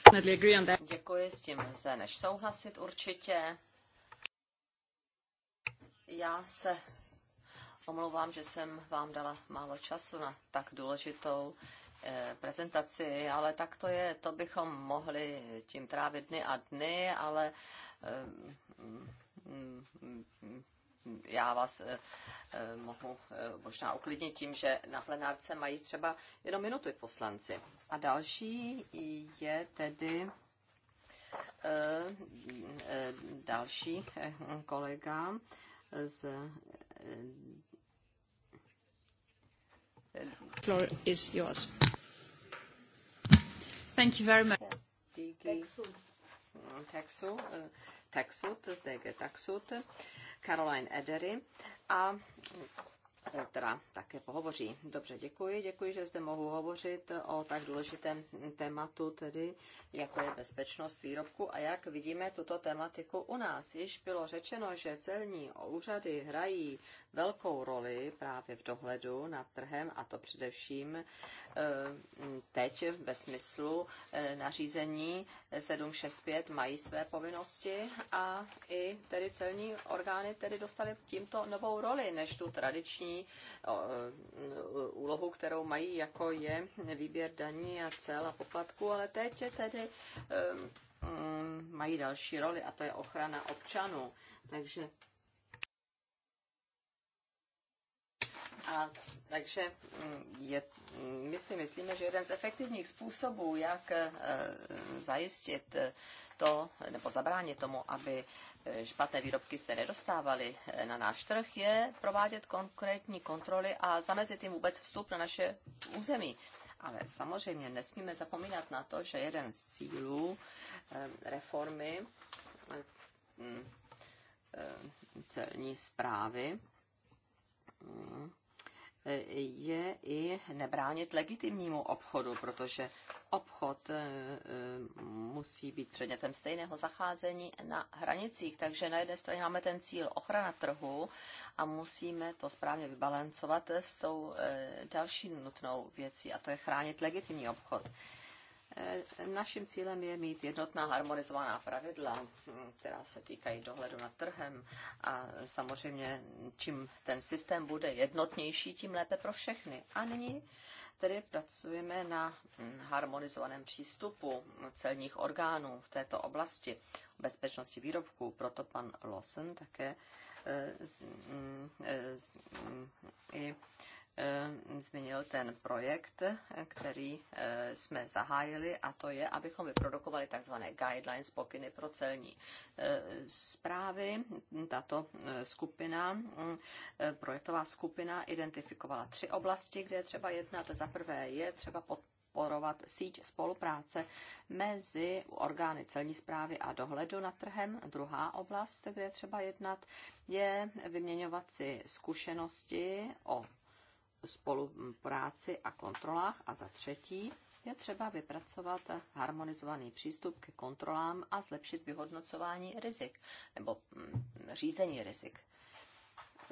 Děkuji, s tím lze než souhlasit určitě. Já se omlouvám, že jsem vám dala málo času na tak důležitou eh, prezentaci, ale tak to je, to bychom mohli tím trávit dny a dny, ale eh, já vás eh, mohu možná uklidnit tím, že na plenárce mají třeba jenom minuty poslanci. A další je tedy další kolega, z eh, Floor is yours. Thank you very much. Taxu, taxo, eh, z DG Caroline Edery a Eh, teda také pohovoří. Dobře, děkuji. Děkuji, že zde mohu hovořit o tak důležitém tématu, tedy jako je bezpečnost výrobku a jak vidíme tuto tematiku u nás. Již bylo řečeno, že celní úřady hrají velkou roli právě v dohledu nad trhem, a to především eh, teď ve smyslu eh, nařízení 765 mají své povinnosti a i tedy celní orgány tedy dostaly tímto novou roli, než tu tradiční eh, úlohu, kterou mají, jako je výběr daní a cel a poplatku, ale teď je tedy mm, mají další roli a to je ochrana občanů. Takže A takže mm, je, mm, my si myslíme, že jeden z efektivních způsobů, jak eh, zajistit eh, to, nebo zabránit tomu, aby eh, špatné výrobky se nedostávaly na náš trh, je provádět konkrétní kontroly a zamezit jim vůbec vstup na naše území. Ale samozřejmě nesmíme zapomínat na to, že jeden z cílů reformy mm, celní zprávy je i nebránit legitimnímu obchodu, protože obchod e, e, musí být předmětem stejného zacházení na hranicích. Takže na jedné straně máme ten cíl ochrana trhu a musíme to správně vybalancovat s tou e, další nutnou věcí, a to je chránit legitimní obchod. Eh, naším cílem je mít jednotná harmonizovaná pravidla, hm, která se týkají dohledu nad trhem a samozřejmě čím ten systém bude jednotnější, tím lépe pro všechny. A nyní tedy pracujeme na hm, harmonizovaném přístupu celních orgánů v této oblasti bezpečnosti výrobků. Proto pan Lawson také eh, hm, eh, i Eh, zmínil ten projekt, eh, který eh, jsme zahájili, a to je, abychom vyprodukovali tzv. guidelines, pokyny pro celní zprávy. Tato skupina, mm, projektová skupina, identifikovala tři oblasti, kde je třeba jednat. Za prvé je třeba podporovat podporovat síť spolupráce mezi orgány celní zprávy a dohledu nad trhem. Druhá oblast, kde je třeba jednat, je vyměňovat si zkušenosti o spolupráci a kontrolách. A za třetí je třeba vypracovat harmonizovaný přístup ke kontrolám a zlepšit vyhodnocování rizik nebo mm, řízení rizik.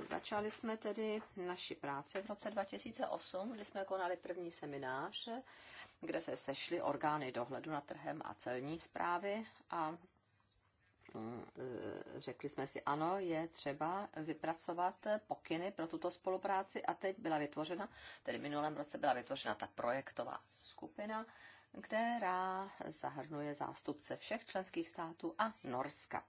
Začali jsme tedy naši práci v roce 2008, kdy jsme konali první seminář, kde se sešly orgány dohledu nad trhem a celní zprávy a Eh, řekli jsme si, ano, je třeba vypracovat pokyny pro tuto spolupráci a teď byla vytvořena, tedy v minulém roce byla vytvořena ta projektová skupina, která zahrnuje zástupce všech členských států a Norska.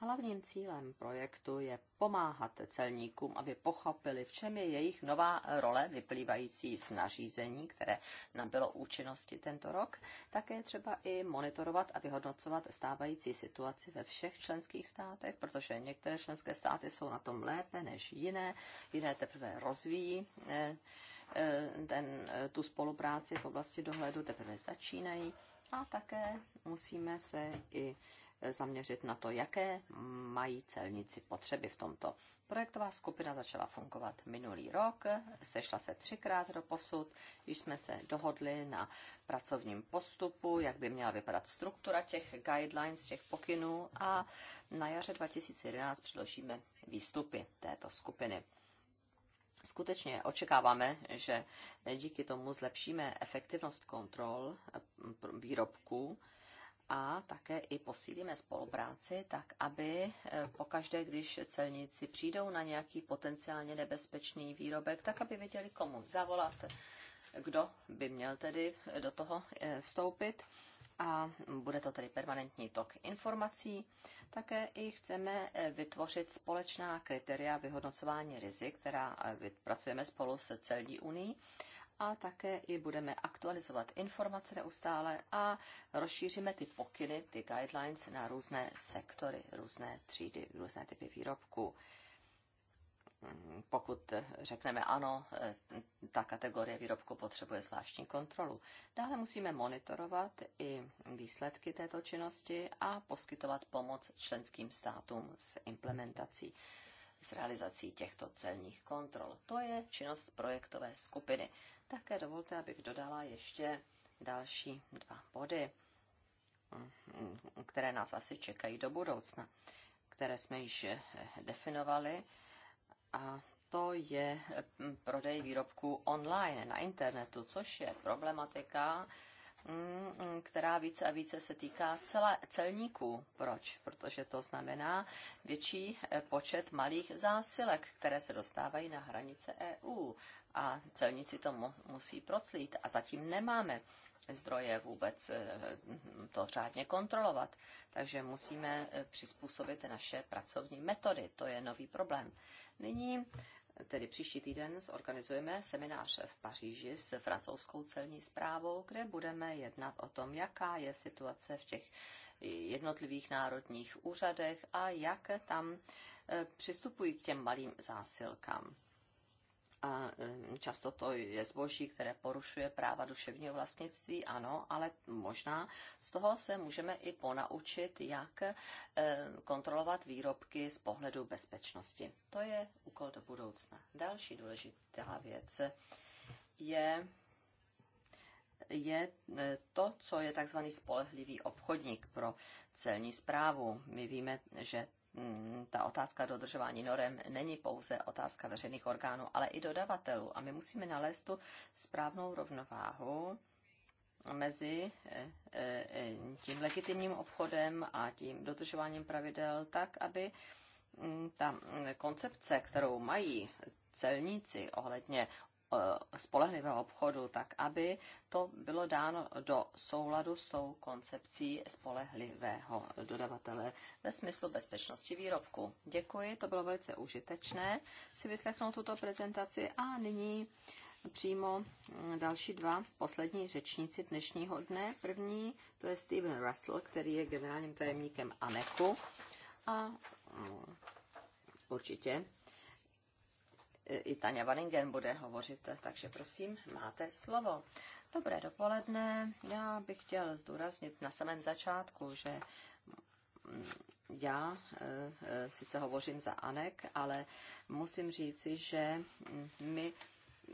Hlavním cílem projektu je pomáhat celníkům, aby pochopili, v čem je jejich nová role vyplývající z nařízení, které nabylo účinnosti tento rok. Také třeba i monitorovat a vyhodnocovat stávající situaci ve všech členských státech, protože některé členské státy jsou na tom lépe než jiné, jiné teprve rozvíjí eh, eh, ten, eh, tu spolupráci v oblasti dohledu teprve začínají. A také musíme se i zaměřit na to, jaké mají celníci potřeby v tomto. Projektová skupina začala fungovat minulý rok, sešla se třikrát do posud, již jsme se dohodli na pracovním postupu, jak by měla vypadat struktura těch guidelines, těch pokynů a na jaře 2011 předložíme výstupy této skupiny skutečně očekáváme, že díky tomu zlepšíme efektivnost kontrol výrobků a také i posílíme spolupráci, tak aby eh, pokaždé, když celníci přijdou na nějaký potenciálně nebezpečný výrobek, tak aby věděli, komu zavolat, kdo by měl tedy eh, do toho eh, vstoupit a bude to tedy permanentní tok informací. Také i chceme vytvořit společná kritéria vyhodnocování rizik, která pracujeme spolu s celní unii a také i budeme aktualizovat informace neustále a rozšíříme ty pokyny, ty guidelines na různé sektory, různé třídy, různé typy výrobků. Pokud řekneme ano, ta kategorie výrobku potřebuje zvláštní kontrolu. Dále musíme monitorovat i výsledky této činnosti a poskytovat pomoc členským státům s implementací s realizací těchto celních kontrol. To je činnost projektové skupiny. Také dovolte, abych dodala ještě další dva body, které nás asi čekají do budoucna, které jsme již definovali. A to je prodej výrobků online na internetu, což je problematika, Mm, která více a více se týká celé, celníků. Proč? Protože to znamená větší eh, počet malých zásilek, které se dostávají na hranice EU. A celníci to musí proclít. A zatím nemáme zdroje vůbec eh, to řádně kontrolovat. Takže musíme eh, přizpůsobit naše pracovní metody. To je nový problém. Nyní tedy příští týden zorganizujeme seminář v Paříži s francouzskou celní zprávou, kde budeme jednat o tom, jaká je situace v těch jednotlivých národních úřadech a jak tam eh, přistupují k těm malým zásilkám a často to je zboží, které porušuje práva duševního vlastnictví, ano, ale možná z toho se můžeme i ponaučit, jak kontrolovat výrobky z pohledu bezpečnosti. To je úkol do budoucna. Další důležitá věc je je e, to, co je takzvaný spolehlivý obchodník pro celní zprávu. My víme, že Hmm, ta otázka dodržování norem není pouze otázka veřejných orgánů, ale i dodavatelů. A my musíme nalézt tu správnou rovnováhu mezi eh, eh, tím legitimním obchodem a tím dodržováním pravidel tak, aby mm, ta koncepce, kterou mají celníci ohledně Eh, spolehlivého obchodu, tak aby to bylo dáno do souladu s tou koncepcí spolehlivého dodavatele ve smyslu bezpečnosti výrobku. Děkuji, to bylo velice užitečné si vyslechnout tuto prezentaci a nyní přímo hm, další dva poslední řečníci dnešního dne. První to je Steven Russell, který je generálním tajemníkem ANECu a hm, určitě i Tania Vaningen bude hovořit, takže prosím, máte slovo. Dobré dopoledne. Já bych chtěl zdůraznit na samém začátku, že mm, já e, e, sice hovořím za Anek, ale musím říci, že mm, my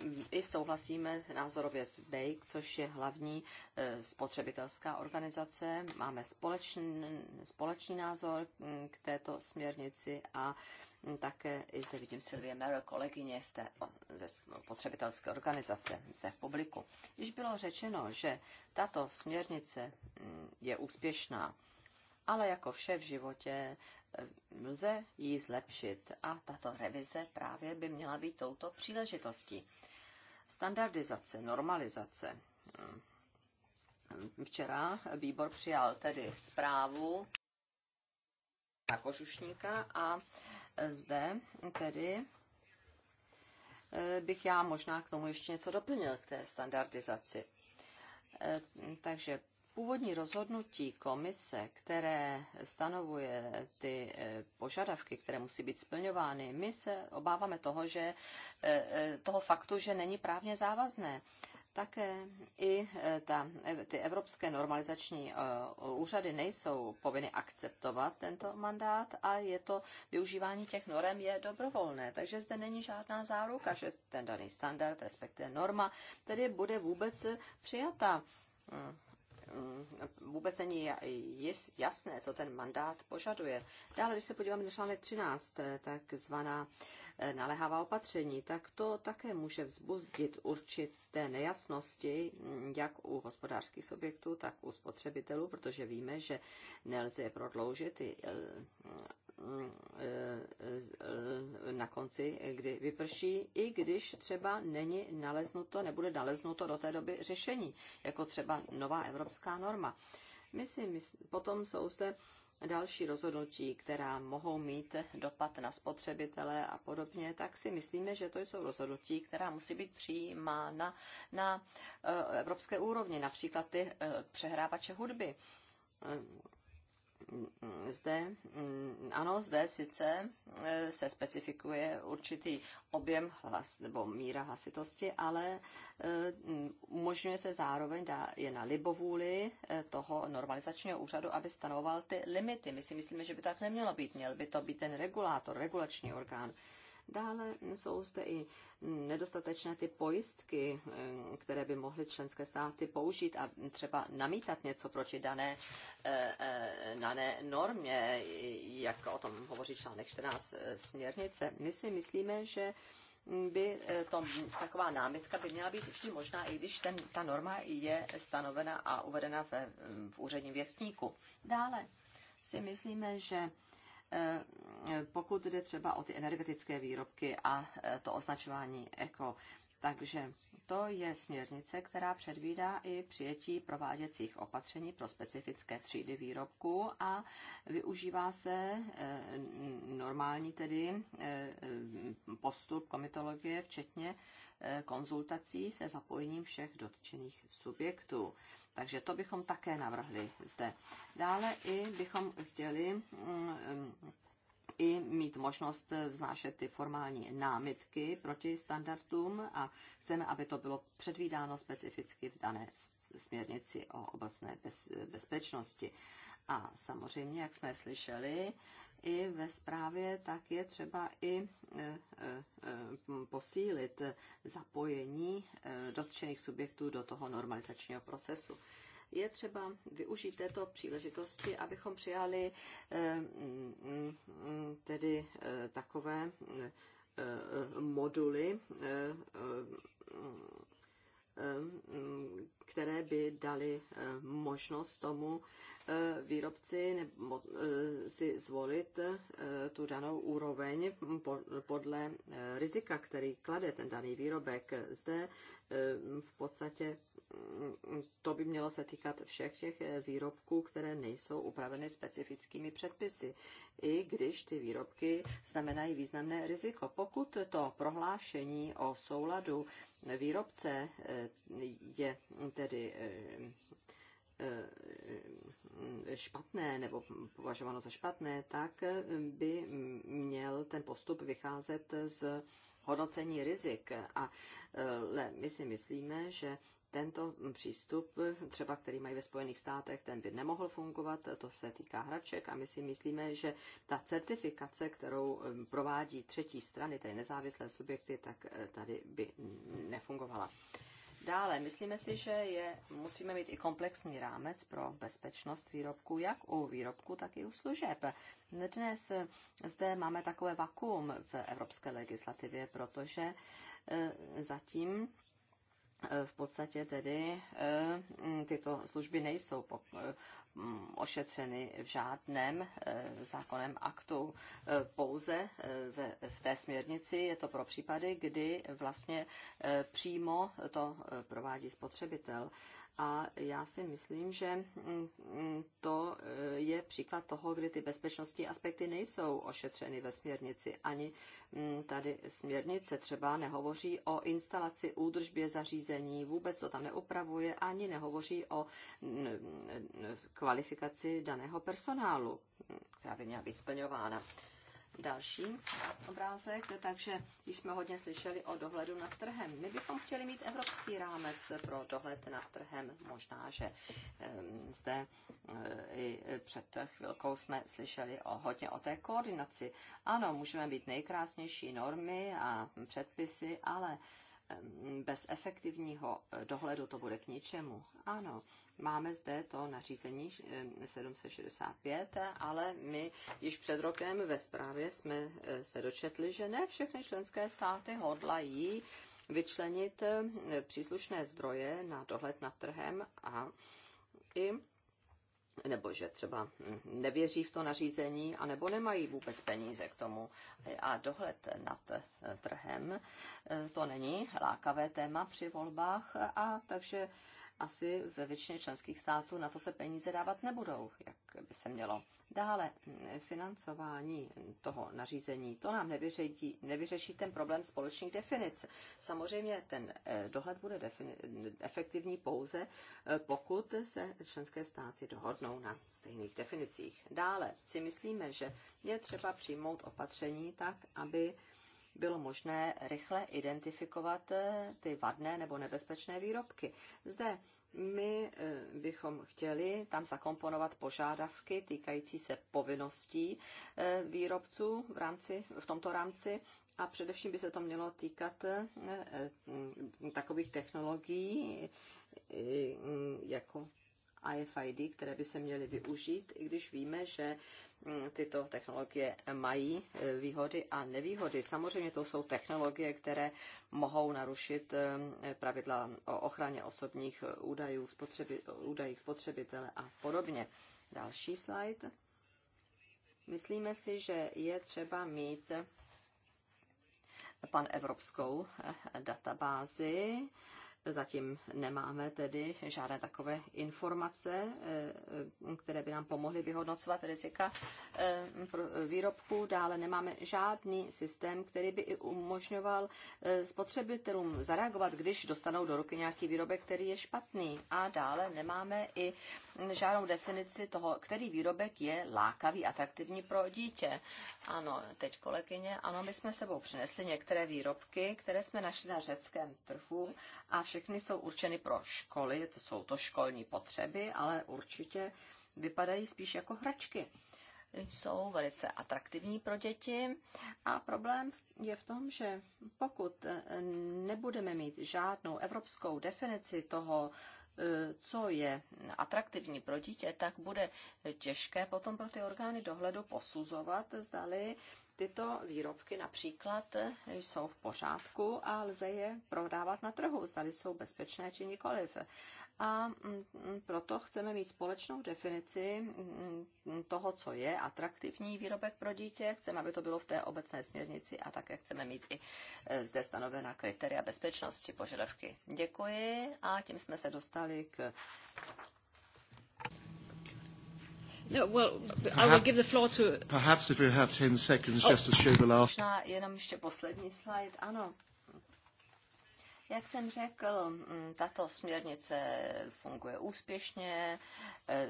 mm, i souhlasíme názorově s BAKE, což je hlavní e, spotřebitelská organizace. Máme společný, společný názor k této směrnici a tak i zde vidím Sylvie Merrill, kolegyně z té, ze potřebitelské organizace, zde v publiku. Když bylo řečeno, že tato směrnice mm, je úspěšná, ale jako vše v životě eh, lze ji zlepšit a tato revize právě by měla být touto příležitostí. Standardizace, normalizace. Mm. Včera výbor přijal tedy zprávu na Kožušníka a zde tedy eh, bych já možná k tomu ještě něco doplnil, k té standardizaci. Eh, takže původní rozhodnutí komise, které stanovuje ty eh, požadavky, které musí být splňovány, my se obáváme toho, že toho faktu, že není právně závazné. Také i e, ta, e, ty evropské normalizační e, úřady nejsou povinny akceptovat tento mandát a je to využívání těch norem je dobrovolné, takže zde není žádná záruka, že ten daný standard, respektive norma, tedy bude vůbec přijata mm, mm, vůbec není jasné, co ten mandát požaduje. Dále, když se podíváme na článek 13, takzvaná Eh, naléhavá opatření, tak to také může vzbudit určité nejasnosti, mm, jak u hospodářských subjektů, tak u spotřebitelů, protože víme, že nelze je prodloužit eh, mm, eh, na konci, kdy vyprší, i když třeba není naleznuto, nebude naleznuto do té doby řešení, jako třeba nová evropská norma. My si mysl... potom jsou zde další rozhodnutí, která mohou mít dopad na spotřebitele a podobně, tak si myslíme, že to jsou rozhodnutí, která musí být přijímána na eh, evropské úrovni, například ty eh, přehrávače hudby zde, mm, ano, zde sice eh, se specifikuje určitý objem hlas, nebo míra hlasitosti, ale eh, mm, umožňuje se zároveň, dá, je na libovůli eh, toho normalizačního úřadu, aby stanoval ty limity. My si myslíme, že by to tak nemělo být. Měl by to být ten regulátor, regulační orgán, Dále jsou zde i nedostatečné ty pojistky, eh, které by mohly členské státy použít a třeba namítat něco proti dané, eh, eh, dané normě, jak o tom hovoří článek 14 směrnice. My si myslíme, že by to, taková námitka by měla být vždy možná, i když ten, ta norma je stanovena a uvedena ve, v úředním věstníku. Dále si myslíme, že pokud jde třeba o ty energetické výrobky a e, to označování eko. Takže to je směrnice, která předvídá i přijetí prováděcích opatření pro specifické třídy výrobků a využívá se e, normální tedy e, postup komitologie, včetně E, konzultací se zapojením všech dotčených subjektů. Takže to bychom také navrhli zde. Dále i bychom chtěli mm, mm, i mít možnost vznášet ty formální námitky proti standardům a chceme, aby to bylo předvídáno specificky v dané směrnici o obecné bezpečnosti. A samozřejmě, jak jsme slyšeli, i ve zprávě, tak je třeba i e, e, e, posílit zapojení dotčených subjektů do toho normalizačního procesu je třeba využít této příležitosti, abychom přijali tedy takové moduly, které by daly eh, možnost tomu eh, výrobci nebo eh, si zvolit tu danou úroveň podle rizika, který klade ten daný výrobek. Zde v podstatě mm, to by mělo se týkat všech těch výrobků, které nejsou upraveny specifickými předpisy, i když ty výrobky znamenají významné riziko. Pokud to prohlášení o souladu výrobce je tedy eh, eh, špatné nebo považováno za špatné, tak eh, by měl ten postup vycházet z hodnocení rizik. A my si myslíme, že tento přístup, třeba který mají ve Spojených státech, ten by nemohl fungovat, to se týká hraček a my si myslíme, že ta certifikace, kterou provádí třetí strany, tedy nezávislé subjekty, tak tady by nefungovala. Dále, myslíme si, že je, musíme mít i komplexní rámec pro bezpečnost výrobku, jak u výrobku, tak i u služeb. Dnes zde máme takové vakuum v evropské legislativě, protože eh, zatím v podstatě tedy eh, tyto služby nejsou eh, ošetřeny v žádném eh, zákonem aktu. Pouze v té směrnici je to pro případy, kdy vlastně přímo to provádí spotřebitel. A já si myslím, že mm, mm, to eh, je příklad toho, kdy ty bezpečnostní aspekty nejsou ošetřeny ve směrnici. Ani mm, tady směrnice třeba nehovoří o instalaci, údržbě zařízení, vůbec to tam neupravuje, ani nehovoří o kvalifikaci daného personálu, která by měla být splňována další obrázek, takže když jsme hodně slyšeli o dohledu nad trhem, my bychom chtěli mít evropský rámec pro dohled nad trhem. Možná, že ehm, zde e, i před chvilkou jsme slyšeli o, hodně o té koordinaci. Ano, můžeme být nejkrásnější normy a předpisy, ale bez efektivního eh, dohledu to bude k ničemu. Ano, máme zde to nařízení 765, ale my již před rokem ve zprávě jsme eh, se dočetli, že ne všechny členské státy hodlají vyčlenit eh, příslušné zdroje na dohled nad trhem a i nebo že třeba nevěří v to nařízení, anebo nemají vůbec peníze k tomu. A dohled nad trhem, eh, to není lákavé téma při volbách, a takže asi ve většině členských států na to se peníze dávat nebudou, jak by se mělo. Dále financování toho nařízení, to nám nevyřeší, nevyřeší ten problém společných definic. Samozřejmě ten eh, dohled bude defini- efektivní pouze, eh, pokud se členské státy dohodnou na stejných definicích. Dále si myslíme, že je třeba přijmout opatření tak, aby bylo možné rychle identifikovat eh, ty vadné nebo nebezpečné výrobky. Zde my eh, bychom chtěli tam zakomponovat požádavky týkající se povinností eh, výrobců v, rámci, v tomto rámci a především by se to mělo týkat takových technologií, jako RFID, které by se měly využít, i když víme, že mm, tyto technologie mají e, výhody a nevýhody. Samozřejmě to jsou technologie, které mohou narušit e, pravidla o ochraně osobních e, údajů, spotřeby, údajích spotřebitele a podobně. Další slide. Myslíme si, že je třeba mít pan evropskou databázi Zatím nemáme tedy žádné takové informace, eh, které by nám pomohly vyhodnocovat rizika eh, výrobků. Dále nemáme žádný systém, který by i umožňoval eh, spotřebitelům zareagovat, když dostanou do ruky nějaký výrobek, který je špatný. A dále nemáme i žádnou definici toho, který výrobek je lákavý, atraktivní pro dítě. Ano, teď kolegyně, ano, my jsme sebou přinesli některé výrobky, které jsme našli na řeckém trhu a vš- všechny jsou určeny pro školy, to jsou to školní potřeby, ale určitě vypadají spíš jako hračky. Jsou velice atraktivní pro děti a problém je v tom, že pokud nebudeme mít žádnou evropskou definici toho, eh, co je atraktivní pro dítě, tak bude těžké potom pro ty orgány dohledu posuzovat, zdali tyto výrobky například jsou v pořádku a lze je prodávat na trhu, zda jsou bezpečné či nikoliv. A mm, mm, proto chceme mít společnou definici mm, toho, co je atraktivní výrobek pro dítě. Chceme, aby to bylo v té obecné směrnici a také chceme mít i e, zde stanovená kritéria bezpečnosti požadavky. Děkuji a tím jsme se dostali k No, well, I will give the floor to... Perhaps if we have 10 seconds oh. just to show the last... Možná jenom ještě poslední slide, ano. Jak jsem řekl, mm, tato směrnice funguje úspěšně, e,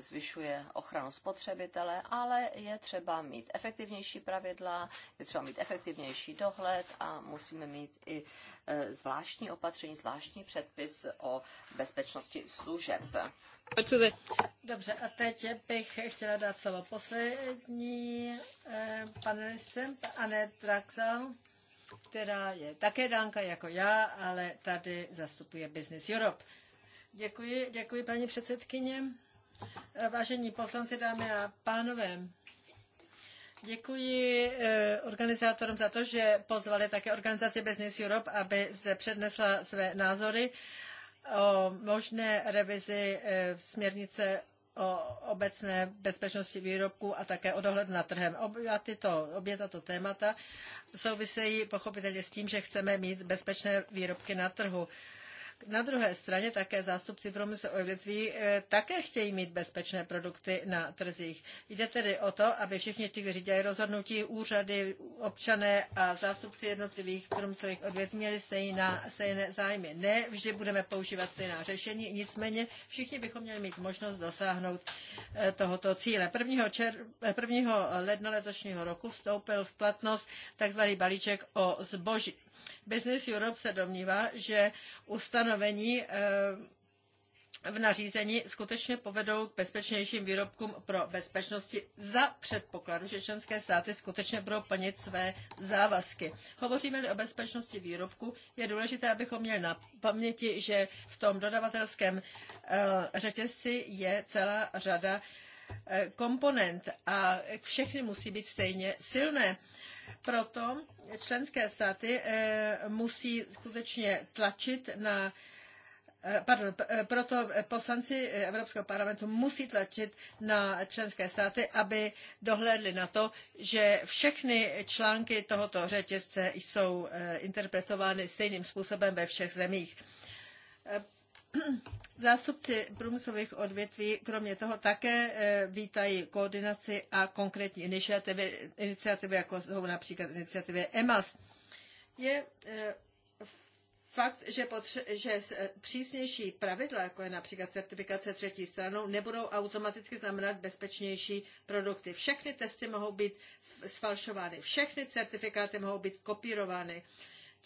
zvyšuje ochranu spotřebitele, ale je třeba mít efektivnější pravidla, je třeba mít efektivnější dohled a musíme mít i e, zvláštní opatření, zvláštní předpis o bezpečnosti služeb. Dobře, a teď bych chtěla dát slovo poslední e, panelistem, Anet Draxel která je také dánka jako já, ale tady zastupuje Business Europe. Děkuji, děkuji paní předsedkyně. Vážení poslanci, dámy a pánové, Děkuji eh, organizátorům za to, že pozvali také organizaci Business Europe, aby zde přednesla své názory o možné revizi eh, směrnice o obecné bezpečnosti výrobků a také o dohled na trhem. Obě tyto, obě tato témata souvisejí pochopitelně s tím, že chceme mít bezpečné výrobky na trhu. Na druhé straně také zástupci průmyslu odvětví eh, také chtějí mít bezpečné produkty na trzích. Jde tedy o to, aby všichni ti, kteří dělají rozhodnutí, úřady, občané a zástupci jednotlivých průmyslových odvětví měli stejná, stejné zájmy. Ne vždy budeme používat stejná řešení, nicméně všichni bychom měli mít možnost dosáhnout eh, tohoto cíle. 1. Čer, 1. Eh, ledna letošního roku vstoupil v platnost tzv. balíček o zboží Business Europe se domnívá, že ustanovení eh, v nařízení skutečně povedou k bezpečnějším výrobkům pro bezpečnosti za předpokladu, že členské státy skutečně budou plnit své závazky. Hovoříme-li o bezpečnosti výrobku, je důležité, abychom měli na paměti, že v tom dodavatelském eh, řetězci je celá řada eh, komponent a všechny musí být stejně silné. Proto členské státy eh, musí skutečně tlačit na eh, Pardon, eh, proto poslanci Evropského parlamentu musí tlačit na členské státy, aby dohlédli na to, že všechny články tohoto řetězce jsou interpretovány stejným způsobem ve všech zemích. Zástupci průmyslových odvětví kromě toho také eh, vítají koordinaci a konkrétní iniciativy, iniciativy jako jsou například iniciativy EMAS. Je eh, fakt, že, potře- že eh, přísnější pravidla, jako je například certifikace třetí stranou, nebudou automaticky znamenat bezpečnější produkty. Všechny testy mohou být sfalšovány, všechny certifikáty mohou být kopírovány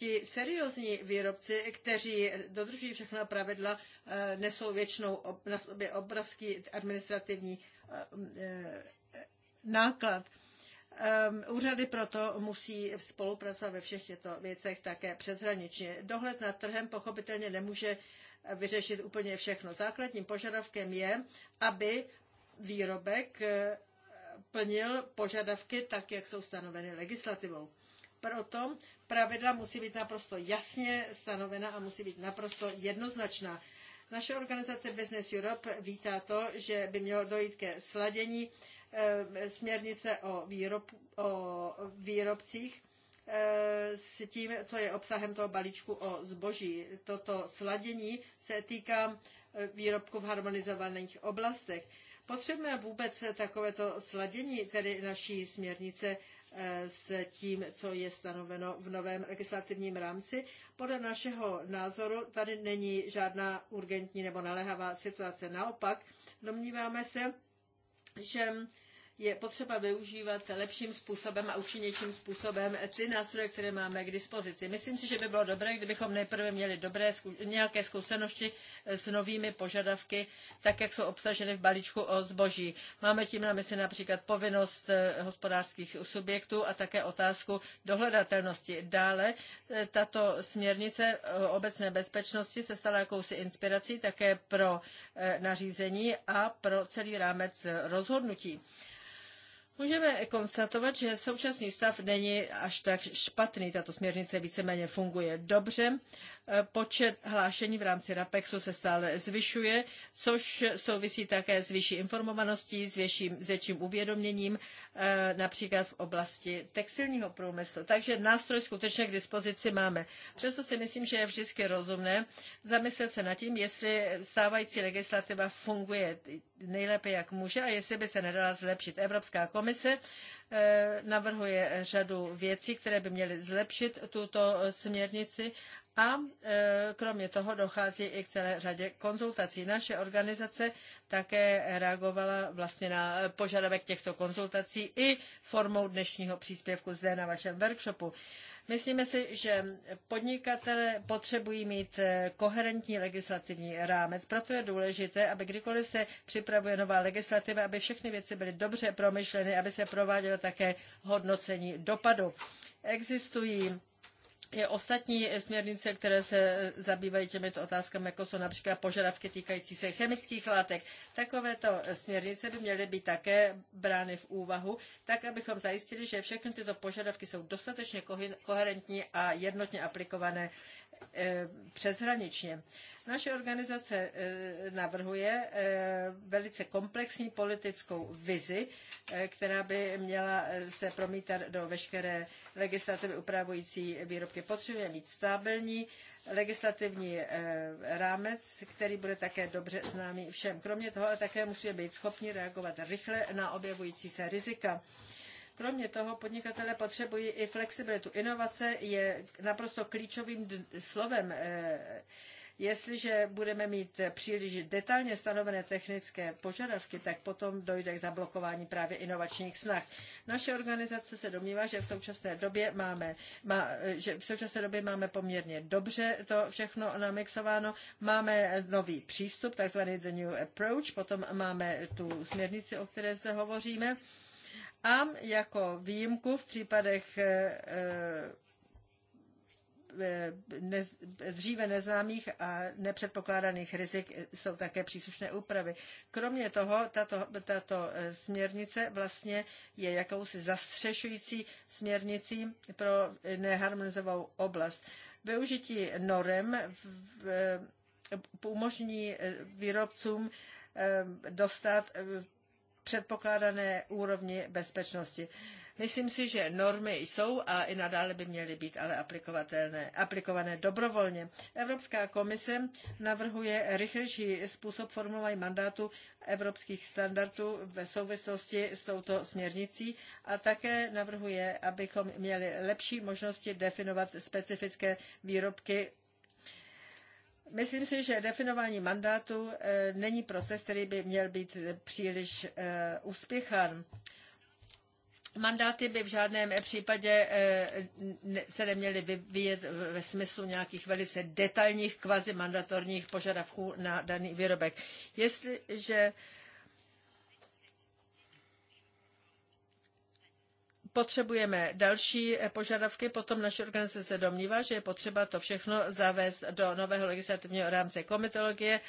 ti seriózní výrobci, kteří dodržují všechna pravidla, eh, nesou většinou na sobě obrovský administrativní eh, eh, náklad. Ehm, úřady proto musí spolupracovat ve všech těchto věcech také přeshraničně. Dohled nad trhem pochopitelně nemůže vyřešit úplně všechno. Základním požadavkem je, aby výrobek plnil požadavky tak, jak jsou stanoveny legislativou proto pravidla musí být naprosto jasně stanovena a musí být naprosto jednoznačná. Naše organizace Business Europe vítá to, že by mělo dojít ke sladění eh, směrnice o, výrob, o výrobcích eh, s tím, co je obsahem toho balíčku o zboží. Toto sladění se týká eh, výrobků v harmonizovaných oblastech. Potřebujeme vůbec takovéto sladění, tedy naší směrnice Eh, s tím, co je stanoveno v novém legislativním rámci. Podle našeho názoru tady není žádná urgentní nebo naléhavá situace. Naopak, domníváme se, že je potřeba využívat lepším způsobem a účinnějším způsobem ty nástroje, které máme k dispozici. Myslím si, že by bylo dobré, kdybychom nejprve měli dobré, nějaké zkušenosti eh, s novými požadavky, tak jak jsou obsaženy v balíčku o zboží. Máme tím na mysli například povinnost eh, hospodářských subjektů a také otázku dohledatelnosti. Dále eh, tato směrnice o obecné bezpečnosti se stala jakousi inspirací také pro nařízení a pro celý rámec rozhodnutí. Můžeme konstatovat, že současný stav není až tak špatný. Tato směrnice víceméně funguje dobře Eh, počet hlášení v rámci RAPEXu se stále zvyšuje, což souvisí také s vyšší informovaností, s, větším, s větším uvědoměním, eh, například v oblasti textilního průmyslu. Takže nástroj skutečně k dispozici máme. Přesto si myslím, že je vždycky rozumné zamyslet se nad tím, jestli stávající legislativa funguje nejlépe, jak může a jestli by se nedala zlepšit. Evropská komise eh, navrhuje řadu věcí, které by měly zlepšit tuto směrnici a e, kromě toho dochází i k celé řadě konzultací. Naše organizace také reagovala vlastně na požadavek těchto konzultací i formou dnešního příspěvku zde na vašem workshopu. Myslíme si, že podnikatele potřebují mít e, koherentní legislativní rámec. Proto je důležité, aby kdykoliv se připravuje nová legislativa, aby všechny věci byly dobře promyšleny, aby se provádělo také hodnocení dopadu. Existují i ostatní směrnice, které se zabývají těmito otázkami, jako jsou například požadavky týkající se chemických látek. Takovéto směrnice by měly být také brány v úvahu, tak abychom zajistili, že všechny tyto požadavky jsou dostatečně koherentní a jednotně aplikované E, přeshraničně. Naše organizace e, navrhuje e, velice komplexní politickou vizi, která by měla se promítat do veškeré legislativy upravující výrobky. potřebuje mít stabilní legislativní rámec, který bude také dobře známý všem. Kromě toho ale také musíme být schopni reagovat rychle na objevující se rizika. Kromě toho podnikatele potřebují i flexibilitu. Inovace je naprosto klíčovým slovem. E, jestliže budeme mít příliš detailně stanovené technické požadavky, tak potom dojde k zablokování právě inovačních snah. Naše organizace se domnívá, že v současné době máme, má, že v současné době máme poměrně dobře to všechno namixováno. Máme nový přístup, takzvaný The New Approach, potom máme tu směrnici, o které se hovoříme a jako výjimku v případech eh, eh, dříve neznámých a nepředpokládaných rizik jsou také příslušné úpravy. Kromě toho, tato, tato eh, směrnice vlastně je jakousi zastřešující směrnicí pro neharmonizovou oblast. Využití norem v, v, umožní výrobcům dostat předpokládané úrovni bezpečnosti. Myslím si, že normy jsou a i nadále by měly být ale aplikovatelné, aplikované dobrovolně. Evropská komise navrhuje rychlejší způsob formulování mandátu evropských standardů ve souvislosti s touto směrnicí a také navrhuje, abychom měli lepší možnosti definovat specifické výrobky Myslím si, že definování mandátu eh, není proces, který by měl být eh, příliš eh, uspěchán. Mandáty by v žádném případě se neměly vyvíjet ve smyslu nějakých velice detailních kvazimandatorních požadavků na daný výrobek. Jestliže potřebujeme další eh, požadavky, potom naše organizace se domnívá, že je potřeba to všechno zavést do nového legislativního rámce komitologie,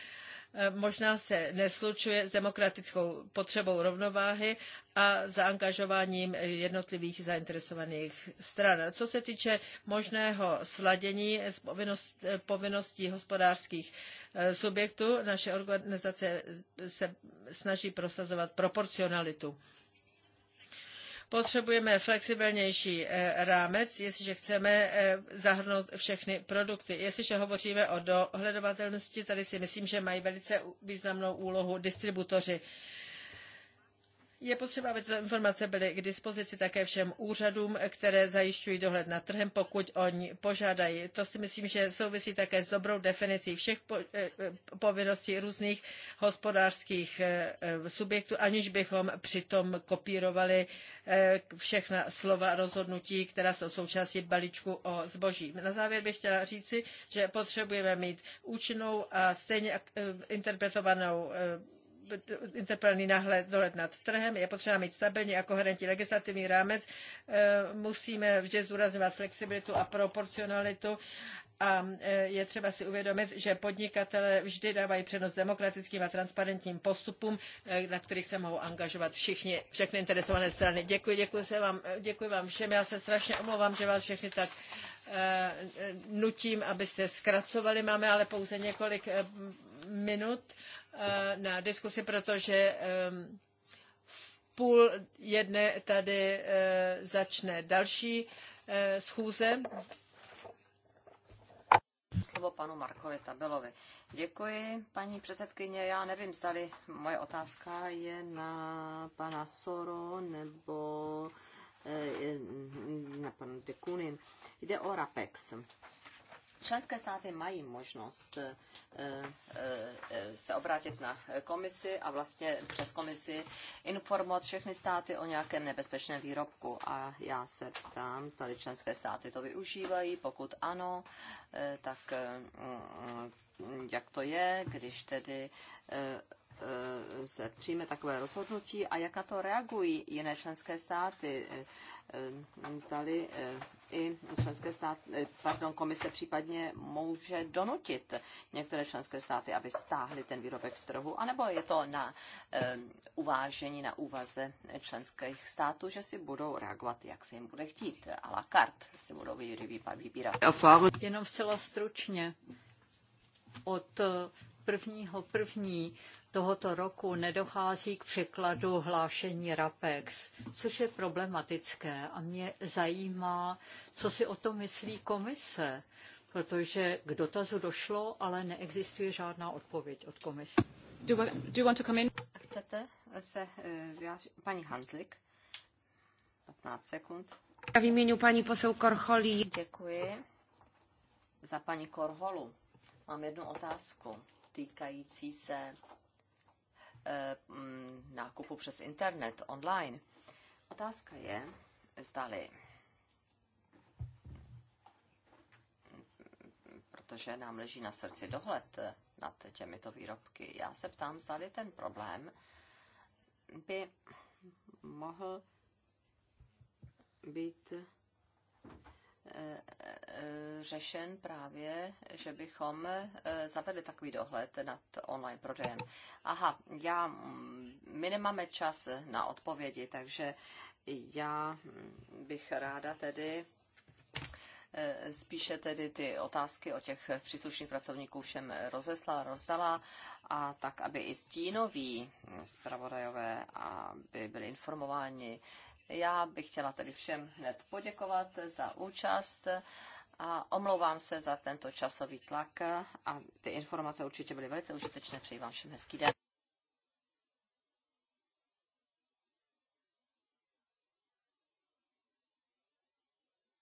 eh, možná se neslučuje s demokratickou potřebou rovnováhy a zaangažováním eh, jednotlivých zainteresovaných stran. Co se týče možného sladění s povinnost, povinností hospodářských subjektů, naše organizace se snaží prosazovat proporcionalitu. Potřebujeme flexibilnější eh, rámec, jestliže chceme eh, zahrnout všechny produkty. Jestliže hovoříme o dohledovatelnosti, tady si myslím, že mají velice významnou úlohu distributoři. Je potřeba, aby tyto informace byly k dispozici také všem úřadům, které zajišťují dohled nad trhem, pokud oni požádají. To si myslím, že souvisí také s dobrou definicí všech eh, eh, povinností různých hospodářských eh, subjektů, aniž bychom přitom kopírovali všechna slova rozhodnutí, která jsou součástí balíčku o zboží. Na závěr bych chtěla říci, že potřebujeme mít účinnou a stejně interpretovanou interpelný náhled, dohled nad trhem, je potřeba mít stabilní a koherentní legislativní rámec, eh, musíme vždy zdůrazňovat flexibilitu a proporcionalitu a eh, je třeba si uvědomit, že podnikatele vždy dávají přednost demokratickým a transparentním postupům, eh, na kterých se mohou angažovat všichni, všechny interesované strany. Děkuji, děkuji, se vám, děkuji vám všem. Já se strašně omlouvám, že vás všechny tak nutím, abyste zkracovali. Máme ale pouze několik minut Eh, na diskusi, protože v půl jedné tady eh, začne další eh, schůze. Slovo panu Markovi Tabelovi. Děkuji, paní předsedkyně. Já nevím, zdali moje otázka je na pana Soro nebo na pana Dekunin. Jde o RAPEX. Členské státy mají možnost eh, eh, eh, se obrátit na komisi a vlastně přes komisi informovat všechny státy o nějakém nebezpečném výrobku. A já se ptám, zda členské státy to využívají. Pokud ano, tak mm, jak to je, když tedy se přijme takové rozhodnutí a jak na to reagují jiné členské státy. Zdali i členské státy, eh, pardon, komise případně může donutit některé členské státy, aby stáhly ten výrobek z trhu, anebo je to na um, uvážení, na úvaze členských států, že si budou reagovat, jak se jim bude chtít. A la carte si budou vybírat. Jenom zcela stručně. Od eh, prvního první tohoto roku nedochází k překladu hlášení RAPEX, což je problematické a mě zajímá, co si o tom myslí komise, protože k dotazu došlo, ale neexistuje žádná odpověď od komise. Do, do you want to come in? Chcete se eh, vyjádřit? Paní Handlik, 15 sekund. Já v jménu paní posel Korcholí. Děkuji za paní Korholu. Mám jednu otázku týkající se Eh, mm, nákupu přes internet, online. Otázka je, zdali, protože nám leží na srdci dohled nad těmito výrobky, já se ptám, zdali ten problém by mohl být řešen právě, že bychom eh, zavedli takový dohled nad online prodejem. Aha, já, mm, my nemáme čas na odpovědi, takže já mm, bych ráda tedy eh, spíše tedy ty otázky o těch příslušných pracovníků všem rozeslala, rozdala a tak, aby i stínoví zpravodajové aby byli informováni, já bych chtěla tedy všem hned poděkovat za účast a omlouvám se za tento časový tlak a ty informace určitě byly velice užitečné. Přeji vám všem hezký den.